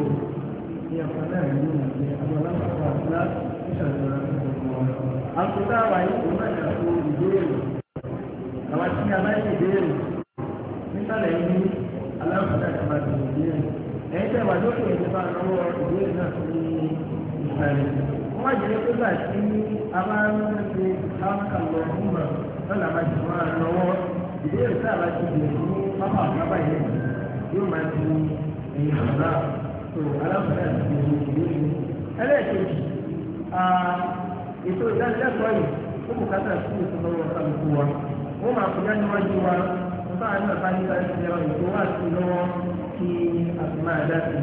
ní ọ̀kan náà ní ìlú àwọn aláṣọ àti àkùtà wà yìí kò má jà fún ìbéèrè ẹ̀yìn tẹ̀ wà lókè ìjọba lọ́wọ́ ìwé náà ní ìsàlẹ̀. wọ́n wá jẹ́ pé bá ti ní abáńgbé àkàlọ̀ ọ̀húnmọ̀ lọ́la máa ti máa lọ́wọ́ ìbéèrè tá a bá ti bèrè ní pápá àbábá yẹn yóò máa ti ẹ̀yìn àbá tó alábàárà ti bèrè ìbéèrè. ẹlẹ́ẹ̀kejì ètò ìdánilẹ́kọ̀ọ́ yìí ó kò kátà sí ètò lọ́wọ́ kálukú wa wọ́n máa tí a fi máa dá sí i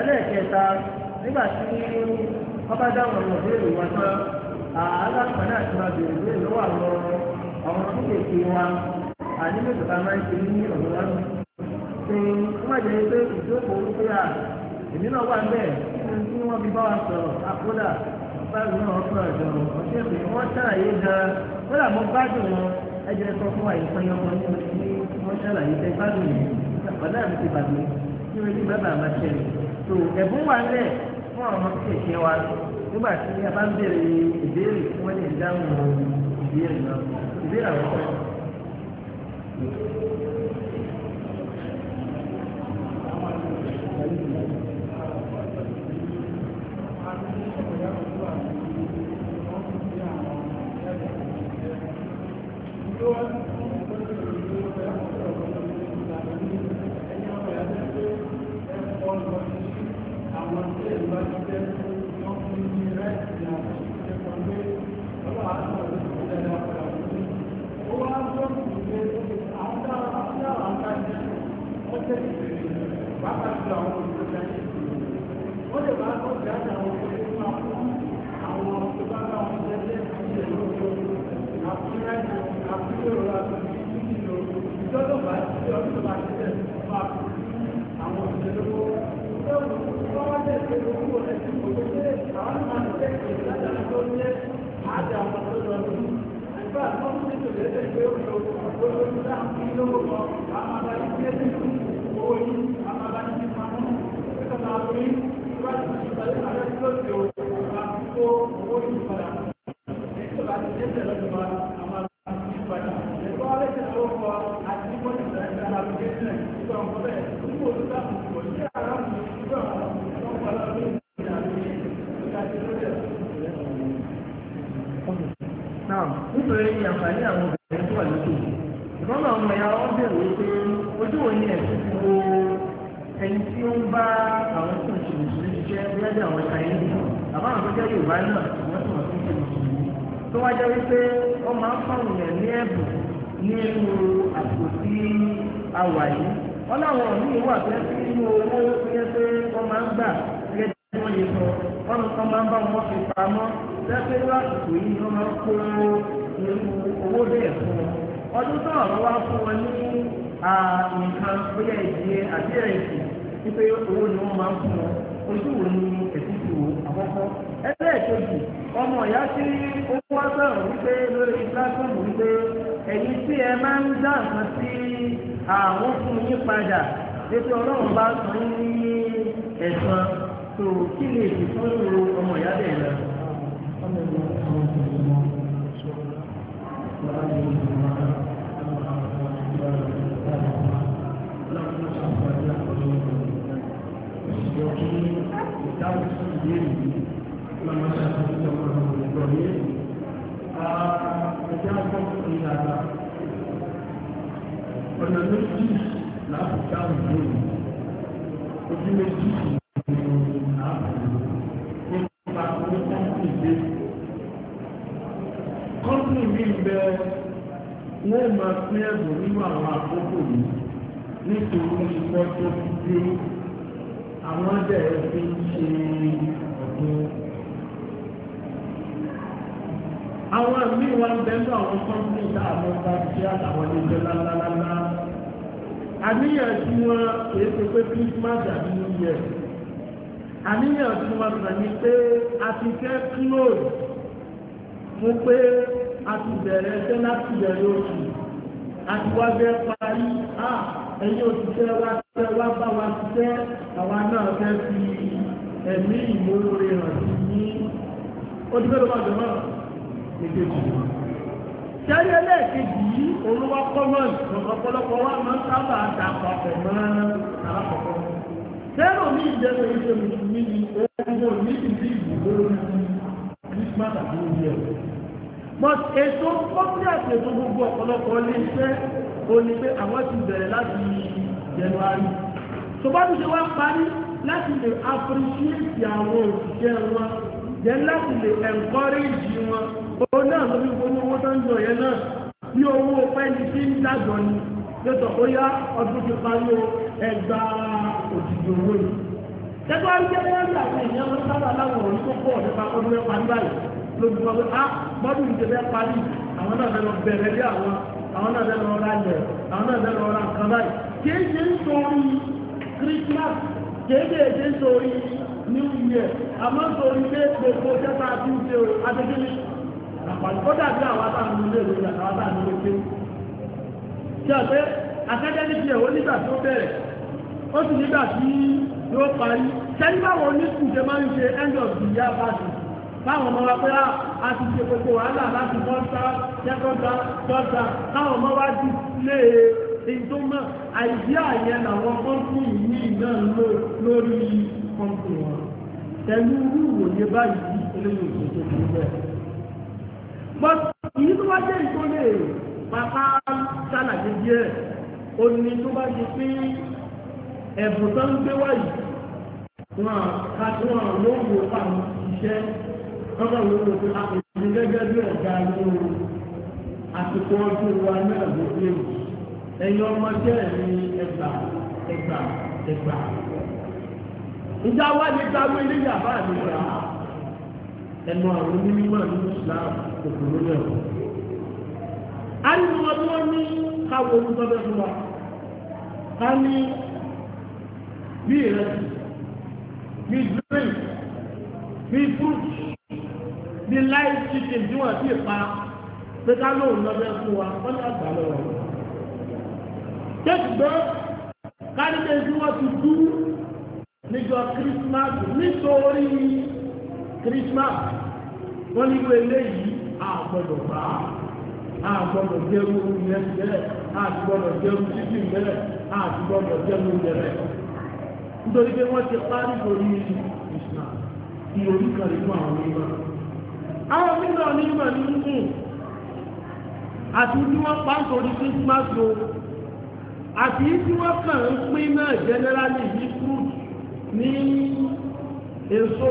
ẹlẹ́ẹ̀kẹta nígbà tí wọ́n bá dáhùn ọmọ ìbéèrè wọn tán aláǹfà náà ti máa bèrè ìbéèrè lọ́wọ́ àwọn ọmọ kéékèèké wa àní máa ń ṣe ní ọ̀dọ̀ wa ṣe wọ́n jẹ́ pé ìjókòó à èmi náà wà bẹ́ẹ̀ kí wọ́n fi bá wa sọ̀rọ̀ báyìí náà wọ́n ọ̀ṣẹ́ wọ́n ṣàlàyé gan-an kódà mo gbádùn ọ̀dà mi ti bà mí kí wọ́n ti bàbà máa ṣẹlẹ̀ tó ẹ̀bùn wà lẹ̀ fún àwọn ọmọ kéèké wa nígbà tí a bá ń béèrè ìbéèrè fún wọn lè ìbéèrè náà ìbéèrè àwọn ọ̀rọ̀. jẹ́ yorùbá náà wọ́n tún wọ́n tún ṣe mùsùlùmí tó wá jẹ́ wípé wọ́n máa ń fáwọn èèyàn ní ẹ̀bùn nínú àpò tí a wà yìí wọ́n láwọn míì wà pé nínú owó yẹn pé wọ́n máa ń gbà gẹ́gẹ́ bí wọ́n lè sọ wọ́n kan máa ń bá wọn fi pamọ́ lẹ́gbẹ́ lásìkò yìí wọ́n máa ń kó irú owó bẹ́ẹ̀ fún ọdún tó ọ̀rọ̀ wá fún wọn ní nǹkan bóyá ìdíyẹ àbí ẹ̀sìn wípé owó ni wọ́n máa ń fún wọn ojú wo ni ẹ̀sìn ti wò àkọ́kọ́ ẹlẹ́ẹ̀kejì ọmọ ìyá tí ó wá sọ̀rọ̀ wípé lórí platform wípé ẹ̀yin tí ẹ máa ń dá nǹkan sí àwọn fún yín padà létí ọlọ́run bá tún ní ẹ̀san tó kí ọ̀nà méjì láàpùtà òjò ojú méjì ìrìn àpùtà nípa ní kọ́ńtì dé kọ́ńtì mi bẹ wọ́n máa pín ẹ̀bùn nínú àwọn àkókò yìí nítorí ìfọ́jọ́ dé àwọn ẹ̀dẹ̀ ẹ̀fín ṣe ọ̀dún àwọn míì wá ń bẹ́ẹ̀ àwọn kọ́ńtì tá a lọ bá ṣe àtàwọn ilé lálálálá àníyàn tí wọ́n kìí ṣe pé Christmas àti New Year àníyàn tí wọ́n kàn ní pé a ti fẹ́ close mo pé a ti bẹ̀rẹ̀ ẹsẹ̀ láti bẹ̀rẹ̀ oṣù àti wá fẹ́ parí à ẹ̀yin òṣìṣẹ́ wá fẹ́ wá bá wa ṣiṣẹ́ àwa náà fẹ́ fi ẹ̀mí ìmúlò rẹ̀ hàn sí ní ó ti fẹ́ lọ́wọ́ àjọ náà méjèèjì sẹ́rí ẹlẹ́ẹ̀kejì olúwa kọ́mọ̀n ọ̀pọ̀lọpọ̀ wa máa ń sábà dà mọ́ alákọ̀ọ́kọ́ sẹ́rọ̀ ní ìjẹ́nu ìṣe mùsùlùmí ni owó ní ìdí ìbò lórí christmas àti orí ẹ̀ but ètò kọ́pí àti ètò gbogbo ọ̀pọ̀lọpọ̀ ilé iṣẹ́ o ní pé àwọn ti bẹ̀rẹ̀ láti January tó bá ti ṣe wá parí láti lè appreciate àwọn òṣìṣẹ́ wọn jẹ́ láti lè encourage náà lórí owó owó tó ń lọ yẹn náà bí owó pẹ́ẹ́lí tí ń dàgbọ̀ ni lótọ̀ ó yá ọdún ti parí o ẹgbà òjìjì owó yìí. Tẹ́gbọ́n ń jẹ́ lórí àwọn èèyàn ló sábà láwọn òní tó pọ̀ nípa ọdún mẹ́pa ń báyìí lójú wọn pé á ah, bọ́dún ìjẹ́ fẹ́ parí àwọn náà fẹ́ lọ bẹ̀rẹ̀ bí àwọn àwọn náà fẹ́ lọ ra ilẹ̀ àwọn náà fẹ́ lọ ra nǹkan báyìí. Kìí ṣe ń sọrí Christmas kìí ṣe ń sọrí New Year àmọ́ sọrí pé gbogbo jẹ́ta àti ìṣe ó dàbí àwọn àtàwọn ilé ìlú àtàwọn àtàwọn ilé kéwù tí a pé akẹ́kẹ́ ní tiẹ̀ ó nígbà tó bẹ̀rẹ̀ ó sì nígbà tí yóò parí sẹ́ni báwọn oníkù ṣe máa ń ṣe end of the year party báwọn ọmọ wa pé ah, a ti ṣe gbogbo wàhálà láti mọ́ta jẹ́kọ́ta tọ́ta káwọn ọmọ wa ti lé èyí tó mọ̀ àìdíà yẹn làwọn kọ́ńtù yìí náà lò lórí kọ́ńtù wọn pẹ̀lú irú ìwòye báyìí but kìí tó bá jẹ́ ìtọ́lẹ̀ bàbá ṣàlàyé díẹ̀ ó ní tó bá ṣe pé ẹ̀bùn tó ń gbé wáyé wọn kájú wọn ló ń wo àwọn iṣẹ́ lọ́dọ̀ ló ń wo pé àpèjì gẹ́gẹ́ bí ọ̀gá ló ń àsìkò ọdún wa náà ló dé o ẹ̀yin ọmọ jẹ́ ẹ̀mí ẹgbà ẹgbà ẹgbà ìjà wá ní káwé ní àdìgbà ẹnu àwọn onímọ̀ nínú Islam òkùnrin ní ẹ̀kọ́. a ní wọn tí wọ́n ní káwọ ohun tó bẹ́ fún wa ká ní bí ìrẹsì bí drink bí fruit bí live chicken tí wọ́n ti pa pé ká lóun lọ bẹ́ fún wa wọ́n ní àgbà lọ́wọ́. tẹ́sùgbọ́ ká ní bẹ́ẹ̀ tí wọ́n ti dú níjọ kírísímásì nítorí Christmas wọ́n ní wọ́n eléyìí àgbọ̀dọ̀ bá àgbọ̀dọ̀ jẹ́rú oúnjẹ bẹ́ẹ̀ àgbọ̀dọ̀ jẹ́rú títí bẹ́ẹ̀ àgbọ̀dọ̀ jẹ́rú oúnjẹ bẹ́ẹ̀. nítorí pé wọ́n ti parí lórí Islam ní orí kan nínú àwọn onímọ̀. àwọn onímọ̀ onímọ̀ ní nínú àti tí wọ́n pa ń torí Christmas o àti tí wọ́n kàn ń pín náà generally ní fruit ní èso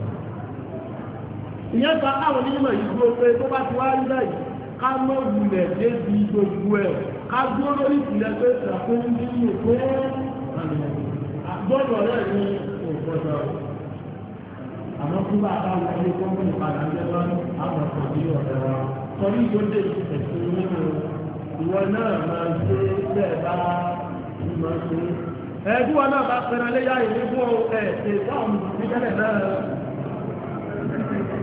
ìyẹn fa káwọn onímọ̀ yìí dúró pé tó bá ti wá rí báyìí ká mọ̀ wulẹ̀ débi gbogbo ẹ̀ ká dúró lórí ìpìlẹ̀ pé ṣàkóso nínú pé àgbọ̀dọ̀ rẹ̀ ní òkòtò àmọ́ tí bá a bá wọ ilé kọ́kọ́ ìpadà ń lẹ́wọ́ àwọn ọ̀sán ní ọ̀dọ̀ wa torí yóò dé ẹ̀sìn nínú ìwọ náà máa ṣe bẹ́ẹ̀ bá ní máa ṣe. pẹ̀rẹ̀ léyà ìlú fún ẹ̀ ṣe fún náà.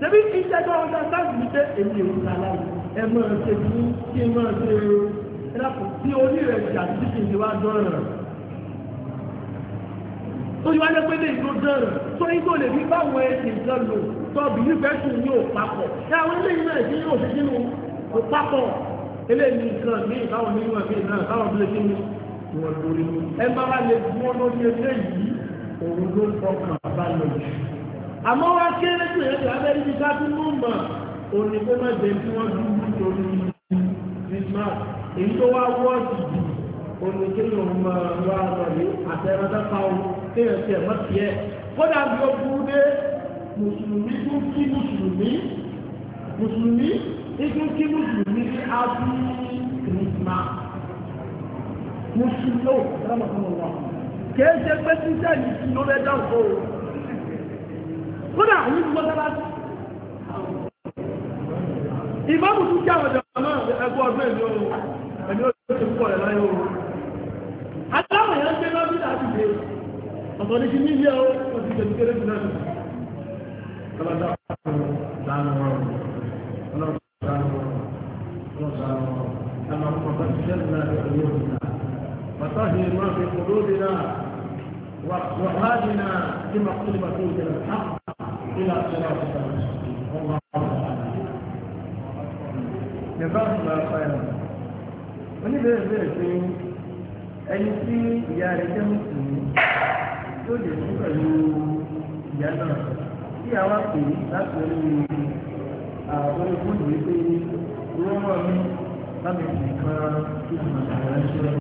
tẹbi kí jẹjọ ọjà sáàbù mi pé èmi ò ta láyé ẹ máa ṣe fún kí ẹ máa ṣe ẹ dàpọ̀ tí orí rẹ̀ jà sí kí n ti wá dọ́rọ̀ torí wáyé pé lè ló dẹ̀rẹ̀ torí tó lè fi báwọn ẹ̀sìn nǹkan lò tọ́ọ̀bù nífẹ̀ẹ́ sùn ní òpapọ̀ ní àwọn eléyìí náà ìdí yóò ṣe nínú òpapọ̀ eléyìí nǹkan ní ìbáwọn onímọ̀ ẹ̀fẹ́ náà táwọn tó lè ṣe ní ìwọ̀n lórí ẹ àmọ́ wá kéré tó yẹ kí abẹ́rẹ́ ibi ká tún mú mọ̀ òní pé má jẹ́ kí wọ́n dúró nítorí Christmas èyí tó wá wọ́ọ̀sì jù òní kí ló ń mọ wá lọ́lẹ̀ àtẹ̀rẹ́dá pa o kéèyàn tiẹ̀ mọ́ tiẹ̀ kódà bí ó burú dé mùsùlùmí tó kí mùsùlùmí mùsùlùmí tó kí mùsùlùmí ní ábí Christmas mùsùlùmí ó rẹ́mọ̀tún lọ́wọ́ kéèṣe pé títẹ̀ yìí ló lẹ́jọ́ òkú kódà òun ti gbọ́dọ̀ láti. ìbámu tún kí àwọn ìjọba náà ẹgbẹ́ ọdún ẹ̀mí ọ̀rọ̀ ẹ̀mí ọ̀rọ̀ ti pọ̀ rẹ̀ láyé ọ̀rọ̀. adáwọ̀ yẹn ń gbé lọ́dún láti dé ọ̀tọ̀ ní kí ní ilé ọ̀ ó ti tẹ̀lé kéré jù náà nù. ọlọ́dà ọ̀rọ̀ وطهر ما في قلوبنا واهادنا لما قلب فيه الحق إلى صراط المستقيم والله تعالى جزاك الله خيرا oníbẹ̀rẹ̀ bẹ̀rẹ̀ pé ẹni tí ìyá rẹ̀ jẹ́ mùsùlùmí yóò lè fún pẹ̀lú ìyá náà tí àwa pè láti orí àwọn olùkọ́ ìwé pé ìwọ́n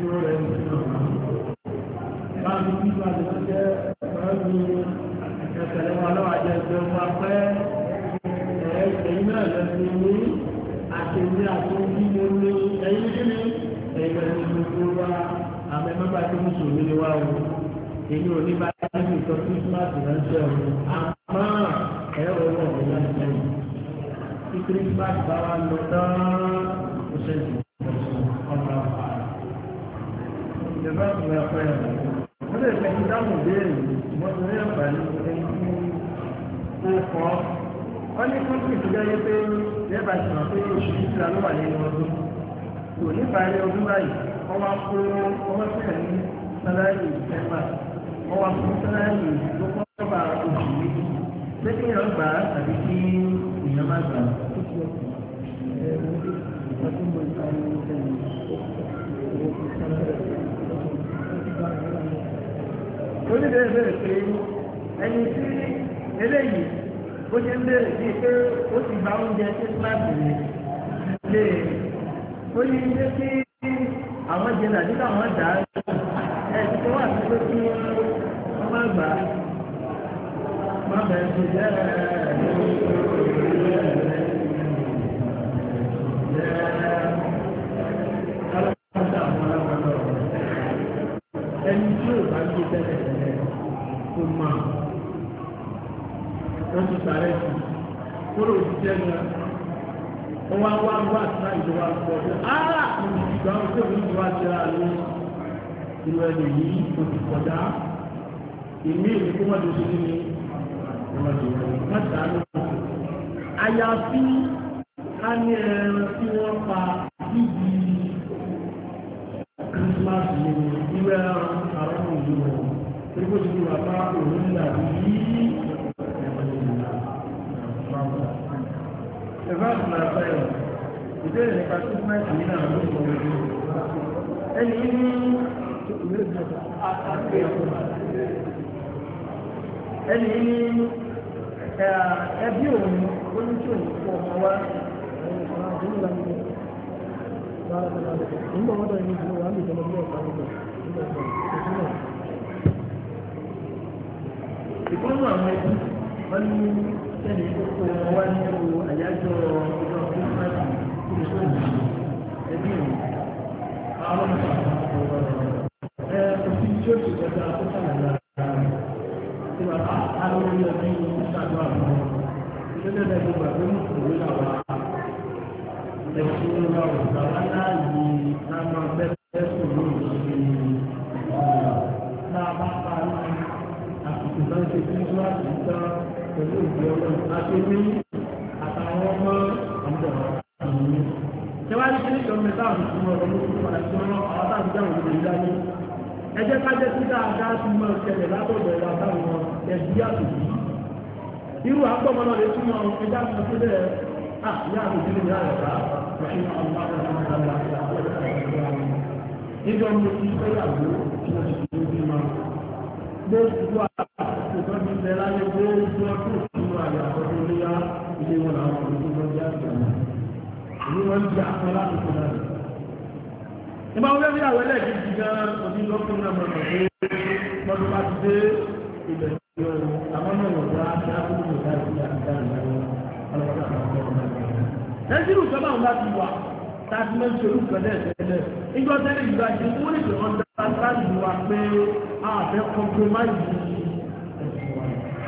yóò rẹ̀ ní báyìí bí wà ló jẹ́ pẹ̀lú ẹ̀kẹ́tẹ̀lẹ́ wa lọ́wọ́ àjẹ́ ẹgbẹ́ wa pẹ́ ẹ̀yìn náà lọ sí ní àtẹ̀lé àtúndí mo ní ẹ̀yìn kí ni ẹ̀yìn ẹ̀yìn gbogbo wa àmọ́ ẹ̀mọ́ bá tó mùsùlùmí ni wá o èmi ò ní bá yẹn ní sọ o àmọ́ ẹ̀rọ ọ̀rọ̀ o kírísímàsì bá wa lọ tán ìmáàmù náà fẹ́ràn wọ́n lè fẹ́ dáhùn béèrè wọ́n ti rí àǹfààní ẹni tí ó kọ́ wọ́n ní kókò ìtújọ́ yẹ pé lẹ́bà ti mọ̀ pé oṣù títà ló wà nínú ọdún kò nípa ilé ọdún báyìí wọ́n wá kó ọmọ sílẹ̀ ní sálárì ìfẹ́fà wọ́n wá kó sálárì tó kọ́ ọba oṣù méjì pé kí èèyàn gbà á tàbí kí èèyàn má gbà á. oníbẹ̀rẹ̀ bẹ̀rẹ̀ pé ẹni tí eléyìí ó ṣe ń bẹ̀rẹ̀ sí pé ó ti gba oúnjẹ tí kíláàsì rẹ̀ lè ó ní ilé tí àwọn jẹ nàbí káwọn dà á ẹ̀sìn tó wà sí pé kí wọ́n má gbà á má bẹ̀rẹ̀ sí jẹ́ Thank you kò mà wọ́n ti sàrẹ́ sí kóró òṣìṣẹ́ náà wọ́n wá wá wá àtúná ìjọba pọ̀ sí ara ìgbà wọn tó ní ìjọba ti ra lé ìlú ẹni yìí kò sì kọjá ìmí ìlú kó má dòṣe ní ìmọ̀tò má sàánú. àyàfi ká ní ẹran tí wọ́n pa bíbí kírísímàsì nínú ìwé ẹran àwọn ìlú wọn. Ibu ti wà bá òun nà bí ẹ̀fọ́ àtúnà àbáyọ̀. Ìbéèrè nípa tó fún ẹ̀sìn nínú àwọn ọmọ ogun. Ẹni ní ẹni ní ẹbí òun olùtí òun fún ọmọ wa. Nígbà wọn dọ̀ ẹni ìdílé wa, àmì ìjọba ilé ẹ̀ka ọgbà ìkúnnú àwọn ẹbí wọn ní sẹ́ni kókó wọn wá ní ẹ̀rọ àyájọ́ ọjọ́ kírísímàsì kí ni tó yìí ẹbí rẹ̀ àwọn ọmọ ẹ òfin tí ó ti kọjá tó sàlàyé ara tí wọn bá àwọn orí ọdún yìí ṣàdó àwọn ìṣẹ́lẹ̀ lẹ́nu gbàgbé mú òwe làwọn ẹ̀sùn làwọn ìgbà wọn láàyè láwọn bẹ́ẹ̀ yìí tán pẹ̀lú ìgbé ọlọ́run àti ní àtàwọn ọmọ àmúdọ̀ àwọn ọmọ. Ṣẹ́wá ní kíní ìjọba mẹ́ta àwọn ìṣúná ọ̀rọ̀ ló fún padà sí ọ̀rọ̀ àwọn táwọn ìjà òun lè dání. Ẹ jẹ́ ká jẹ́ sí dáadáa sí mọ́ ìṣẹ̀lẹ̀ látọ̀dọ̀ ẹ̀rọ àtàwọn ẹbí àtòkí. Irú àpọ̀mọ́ náà lè túmọ̀ ẹja kan tó dẹ̀ ah ìyá àtòkí lè yára rà ràhìn àwọn ọmọ àwọn ọmọ àwọn àwọn àwọn àwọn àwọn àwọn èyí wọ́n ti àwọn aláàbò náà ìgbà wọlé bí àwọn ẹlẹ́ẹ̀kejì gan omi lọ́kùnrin náà mọ̀ pé lọ́dún bá ti dé ilẹ̀ ìjọ àwọn náà wọ̀ bá ti ákúrú ìgbà ìgbà ìgbà ìgbà ọlọ́dún àwọn ọmọ ọmọ ọmọ ẹ̀sìn ìjọba àwọn bá ti wà tàbí mọ́ sí orúkọ lẹ́ẹ̀tẹ́lẹ̀ ìjọ tẹ́lẹ̀ ìgbà tí wọ́n lè fẹ́ ọ̀dà láti wà pé àfẹ́ compromise ẹ̀sìn wa.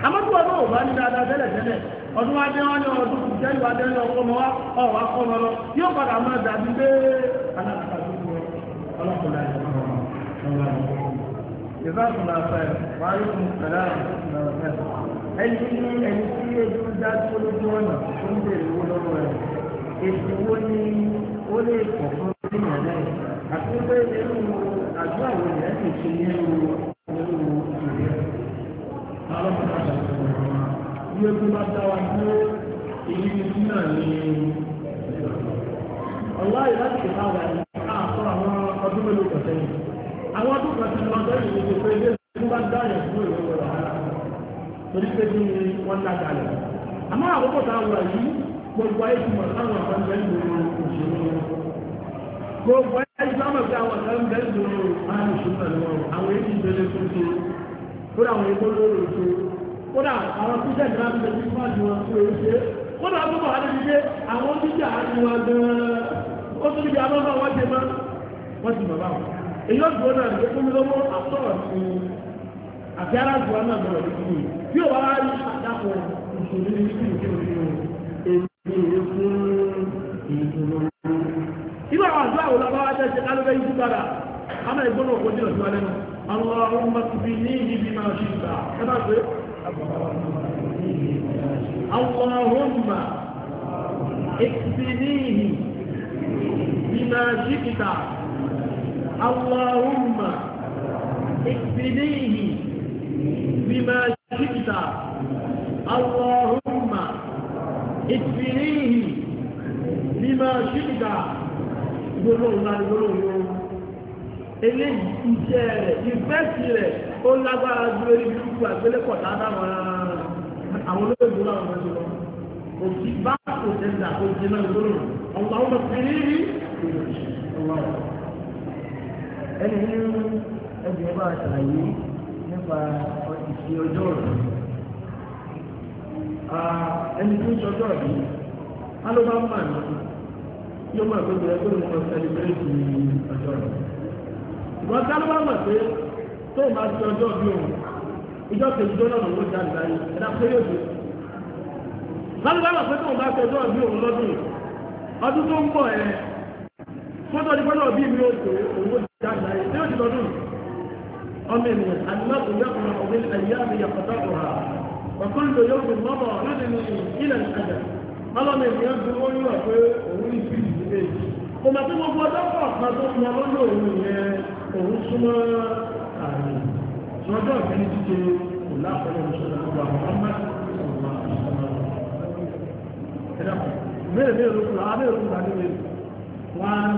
àmọ́ tí wọn náà wà ní dáadáa tẹ́lẹ̀ tẹ́lẹ̀ ọdún wa dé wọn ní ọdún ìjẹ́rìí wa dé lọ ọmọ wa ọwọ́ akọ́mọ lọ yóò padà máa dàbí pé alákàtúntò ọlọ́kùnrin àti ọmọ ìbáṣùn àfẹ́ wàhálùkù kàdá ẹni ní ẹni tí ojú dájú lójú ọ̀nà tó ń bèrè owó lọ́wọ́ rẹ̀ èsì wo ni ó lè kọ̀ fún ìyá náà àti pé irú àjọ àwọn ìyá kìí ṣe nínú irú ìṣòro ọlọ́pàá bí ó bá dáwà tí ó èyí ti sí náà ní ọ̀la ìlàjì ìta wà ní àtọ́ àwọn ọdún mélòó kan sẹ́yìn àwọn ọdún kan ti lọ sẹ́yìn ní pé ilé tí wọ́n bá dáyẹ̀ fún ìwé wọ̀ lára torí pé kí ni a wà yìí gbogbo ayé ti mọ̀ sáwọn ọ̀sán bẹ́ẹ̀ ní àwọn èyí ti tó kódà àwọn tíṣẹ́ ìgbà ti lè fi fún àjò wọn fún èyí ṣe kódà tó bọ̀ adé gbígbé àwọn tíṣẹ́ àjò wọn gan-an ó tún níbi àwọn ọmọ wọn ṣe mọ́ wọ́n ti bàbá wọn èyí ó dùn náà nígbà fúnmi lọ́wọ́ àtọ́rọ̀ sí àti aráàlú wa náà bọ̀rọ̀ nínú yìí bí ó wà á rí àdàpọ̀ ìṣòro ní ibi ìṣòro ní èyí fún ìṣòro. Ibà àwọn àdúrà wo lọ́wọ́ wá tẹ̀sí alẹ́ yìí gbára àmọ́ ìgbóná òkòtì lọ́sí wa lẹ́nu àwọn ọmọ tìbí ní ìdí bí máa ṣe ìgbà ẹ bá pé اللهم اكفنيه بما شئت اللهم اكفنيه بما شئت اللهم اكفنيه بما شئت gbogbo ìgbàlódé olóòrùn eléyìí iṣẹ́ rẹ̀ ìfẹ́ sí rẹ̀ ó lágbára dúró ní bíbú àgbélẹ̀kọ̀ dáadáa àwọn olóògbé náà wọ́n ti lọ. Òkì bá kò tẹ̀sà kò jẹ náà gbóló. Ọ̀pọ̀ àwọn ọmọ fi rí ẹni ní ẹgbẹ́ bá ṣàlàyé nípa ìfi ọjọ́ rẹ̀. Ẹni tó ń ṣọjọ́ rẹ̀ á ló bá ń mà ní yóò máa gbé ẹgbẹ́ òun lọ sẹ́lẹ̀ bẹ́ẹ̀ sí ọjọ́ rẹ̀. Ìwọ́n ká ló bá mọ̀ pé tó máa ti ọjọ́ bí òun ìjọ kejì tó náà lọ́wọ́ jáde láyé ẹ̀dá pé yóò dé. lálùbáwà pé tó máa ti ọjọ́ bí òun lọ́dún ọdún tó ń bọ̀ ẹ̀ fọ́tọ̀ ní fọ́tọ̀ bí mi ò tó owó jáde láyé tí ó ti lọ́dún. ọmọ ènìyàn àdìmọ́tò yọkùnrin ọ̀gbìn ẹ̀yà mi yàtọ̀tọ̀ ọ̀rà ọ̀kúnlò yóò fi mọ́bọ̀ lọ́dún ilẹ̀ ìkàjà ọlọ́mọ ènìyàn fi ó yíwà pé òun ìbí ìdílé kò mà tí gbogbo ọjọ́ pọ̀ kan tó ń lọ lọ́dún òun yẹn òun súnmọ́ lọ́jọ́ ìfẹ́ni títẹ kò lápẹ̀lẹ̀ ìṣẹ̀lẹ̀ ọgbà Muhammad ọgbà ìṣẹ̀lẹ̀ mẹ́rin mẹ́rin ló kúrò abẹ́ òkú àti mẹ́rin wọ́n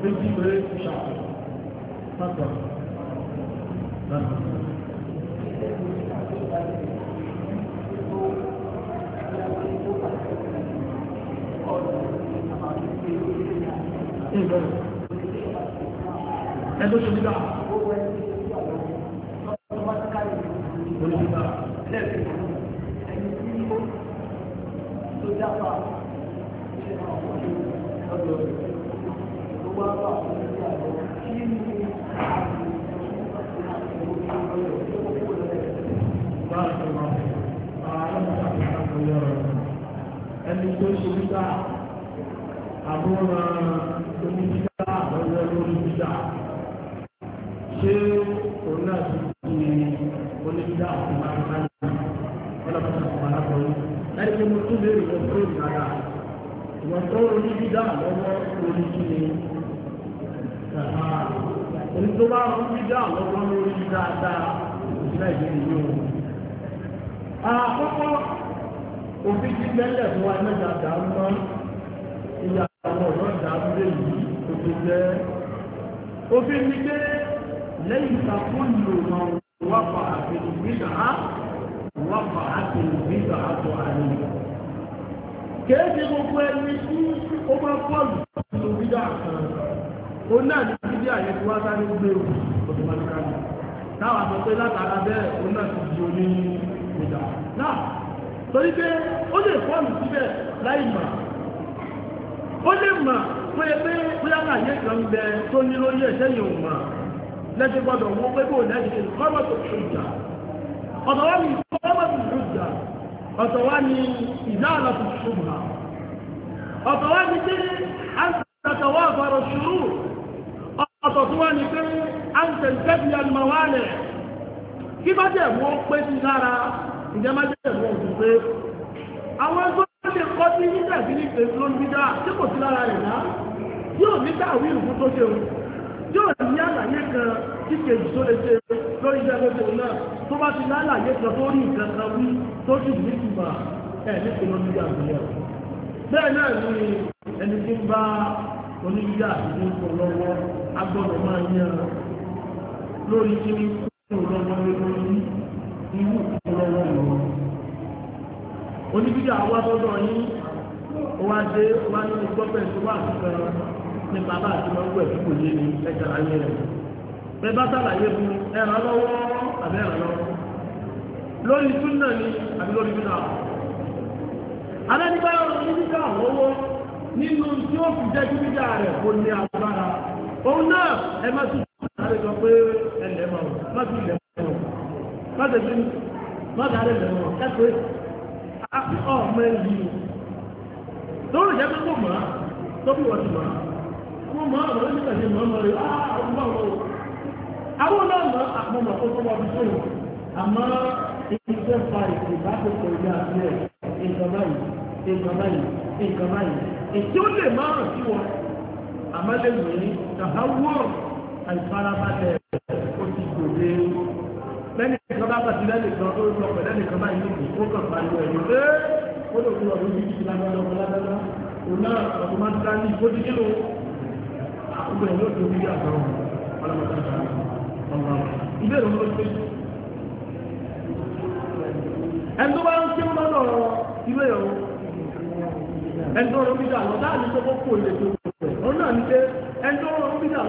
ti méjì mẹ́rin ṣàkó pàtó Ẹgbẹ́ ṣe dídá bá ti káyọ̀ olùgbà lẹ́ẹ̀kì ẹni tí ó tó dábà ṣe máa wọ́n ní lọ́dọ̀ rẹ̀ tó wá bá wọn ní ìyàwó kí ni àwọn ìṣòro àti àti ìwé tó ń lọ rẹ̀ tó kó lọ rẹ̀. Ẹni tó ṣe nígbà àbúrò oníṣẹ́ àwọn ẹgbẹ́ lórí nígbà ṣé òun náà ti onídàá àti màmá ọlọ́pàá ọmọ alábọ̀ọ́lù láti fi mú tún léèrè wọn tó ìgbàlá ìwọ̀n tó onídàá lọ́wọ́ lórí kíni òun tó bá wọn dídá lọ́wọ́ lórí dáadáa òṣìlá ìbéèrè yìí o. àkọ́kọ́ òfin ti gbẹ́lẹ̀ fún wa mẹ́ta dàrú mọ́ ìyá àwọn ọ̀dọ́ dàrú lè yí jẹ́ òfin ní pé ليس كل من وقع في البدعة وقعت البدعة عليه kéèké gbogbo ẹni tí ó bá pọ̀lù tó bídá kan ó náà ní bídí àyè tí wá sáré gbé o táwọn látara bẹ́ẹ̀ ó náà ti di oní ìdá náà torí pé ó lè pọ̀lù síbẹ̀ láì ó lè pé pé bóyá kan bẹ tó ní lórí lẹ́sẹ̀ gbọ́dọ̀ wọ́n pé bò lẹ́sẹ̀ kọ́mọ̀tò ìjà ọ̀tọ̀ wá ní kọ́mọ̀tò ìjà ọ̀tọ̀ wá ní ìdáàlọ́ tó ṣùgbà ọ̀tọ̀ wá ní pé a ń tẹ̀tọ̀ wá àfọ̀rọ̀ ṣùrù ọ̀tọ̀ tó wá ní pé a ń tẹ̀tẹ̀ bí ẹnumọ̀ wá lẹ̀ kí bá jẹ́ wọ́n pé sí lára ìjẹ́ má jẹ́ wọ́n kò pé àwọn ẹgbẹ́ wọ́n ṣe kọ́ sí nígbà tí ní pèsè lónìí yóò ní àlàyé kan tí kejì tó lè ṣe lórí iṣẹ́ tó ṣe náà tó bá ti lálàyé kan tó rí nǹkan kan wí tó sì ní ìtumọ̀ ẹ̀ ní ìpinnu ní àgbéyẹ̀ bẹ́ẹ̀ náà ni ẹni tí ń bá oníyíyá àti ní kò lọ́wọ́ agbọ́dọ̀ máa yan lórí kí ní kò lọ́wọ́ lórí irú kò lọ́wọ́ lọ́wọ́ oníyíyá wá tọ́jọ́ yín wá dé wá nínú gbọ́pẹ̀ tó wà ní bàbá àti máa ń wẹ̀ fún òye ni ẹja ayé rẹ̀ bẹ́ẹ̀ bá sàlàyé fún ẹran lọ́wọ́ àbẹ́ ẹran lọ́wọ́ lórí súnà ni àbí lórí bínú àwọn alẹ́nibá ọ̀rọ̀ ní bíjà àwọ̀wọ́ nínú tí ó fi jẹ́ kí bíjà rẹ̀ kò ní agbára òun náà ẹ má tún sáré sọ pé ẹlẹ́ mọ̀ má tún ilẹ̀ mọ̀ má tẹ̀sí má sáré ilẹ̀ mọ̀ kẹ́kọ̀ọ́ àti ọ̀mọ ẹ̀yìn lórí ìjẹ́ pé kò mọ̀ tó bí wọ́n ti mọ̀ wọ́n máa wọ́n nígbà tí màá máa rí àwọn ah, ọmọ àwọn náà máa àpamọ́ àkókò wà bí sóyún àmọ́ iṣẹ́ fa ìbáṣepọ̀ ìgbà àti ẹ̀ nǹkan báyìí nǹkan báyìí nǹkan báyìí èyí ó lè máa rìn sí wọn àmọ́ lè wé tàbáwọ̀ àìfarabalẹ̀ ó ti gbòde lẹ́nu ìkan bá pàtí lẹ́nu ìkan ó lọ pẹ̀lú ẹnì kan báyìí lókè ó kàn pariwo ẹ̀yìn pé ó lè fi ọ̀rọ̀ yìí ti lágbára ọ̀pọ̀lọpọ̀ òun náà ọ̀tọ̀mọ́tà ní ìgbódìdí lòun gbogbo ẹ̀yọ́ tó bí àtàrà ìbéèrè ọmọ ìpé ẹni tó bá ń kí wọ́n lọ́rọ̀ ilé ẹ̀rọ ẹni tó rọ bí dà lọ dáàbí tó kókó ilé tó kókó ọ náà ní pé di bẹ́ẹ̀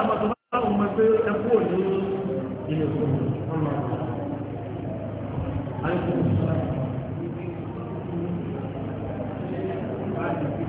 àmọ́ tó bá wọn Amen.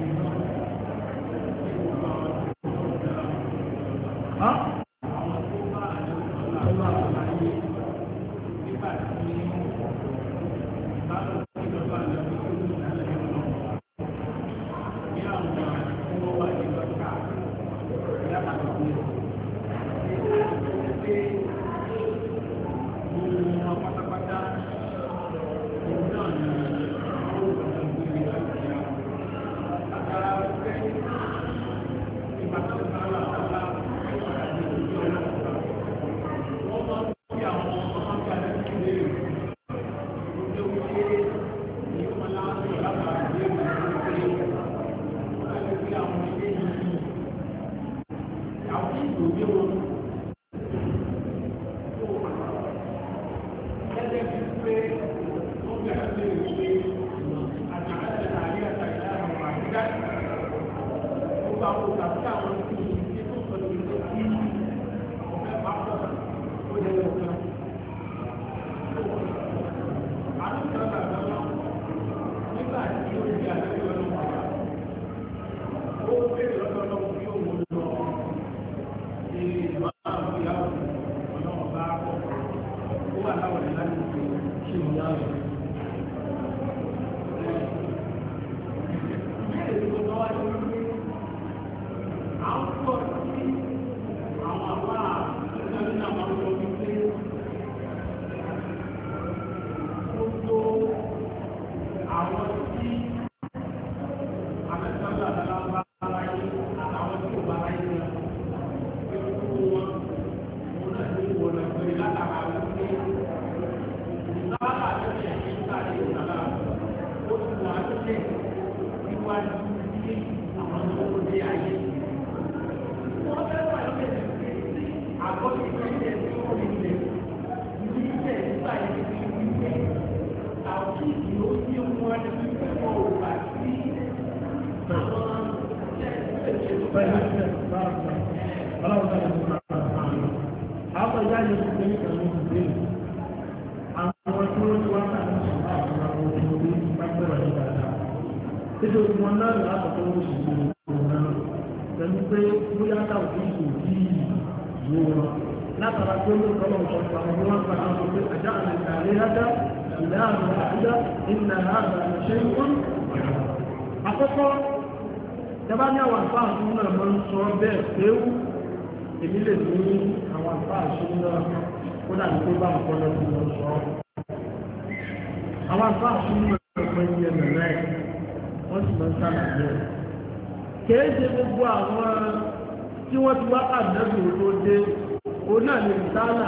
فهناك أمر أجعل الآلهة أولاد وأحدة إن هذا لشيء àkọ́kọ́ tẹ́bá ní àwọn àpá àṣún náà mọ́ ń sọ bẹ́ẹ̀ péwú èmi lè ní àwọn àpá àṣún náà kó dàbí tó bá nǹkan lọ sí wọn sọ àwọn àpá àṣún náà mọ́ ń yẹ mẹ́rẹ́ wọ́n sì mọ́ ń sàlàyé kèé ṣe gbogbo àwọn tí wọ́n ti wá àdẹ́bù tó dé òun náà lè sálà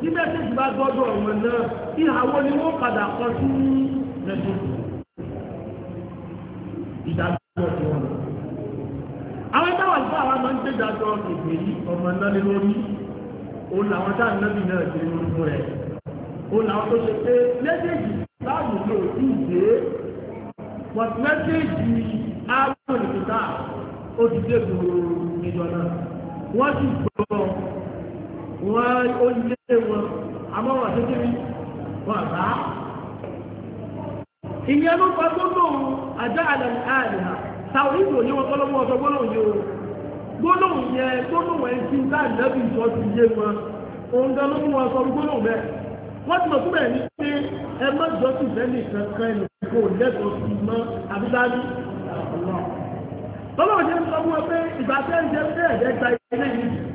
tí mẹ́sẹ̀jì bá gbọ́dọ̀ ọ̀wọ̀n náà ìhàwó ni wọ́n padà kọ sí mẹ́sẹ̀jì ìdájọ́ ti wọn. àwọn táwọn ìfọ àwọn máa ń gbé ìdájọ́ ìgbè yìí ọmọ náà lé lórí ó làwọn tá ànábì náà ti rí fún rẹ̀ ó làwọn tó ṣe pé mẹ́sẹ̀jì láàmú ló ti dé but mẹ́sẹ̀jì àwọn ìfúta ó ti dé gbòòrò níjọ náà wọ́n sì gbọ́ wọ́n ó lé wọn àmọ́wà tó kéré wọ́n bá ìyẹn ló pa gbólóhùn àjá àdàmì àdìhà tàwọn ìdò ní wọn kọ́lọ́wọ́ ọ̀sọ́ gbólóhùn yìí o gbólóhùn yẹn gbólóhùn ẹ̀ ti ń dá ìlẹ́bí ìjọ ti yé wọn òun gan ló mú wọn sọ gbólóhùn bẹ́ẹ̀ wọ́n ti mọ̀ fún bẹ́ẹ̀ ni pé ẹ má jọ sí ìfẹ́lẹ̀ kankan ẹnì kò lẹ́tọ̀ọ́ sí mọ́ àbíbáyé lọ́wọ́ ṣe ń sọ fún wọn pé ìgbà tẹ́ ń jẹ́ bẹ́ẹ̀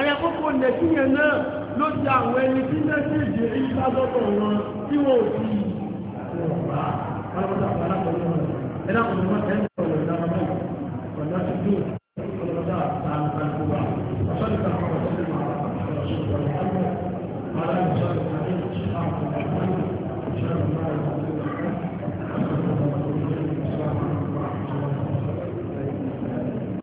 àyàkókò nẹ̀kíyàn náà ló ti àwọn ẹni tí mẹ́sẹ̀jì èyí bá lọ́tọ̀ wọn tí wọ́n ò sí Thank you.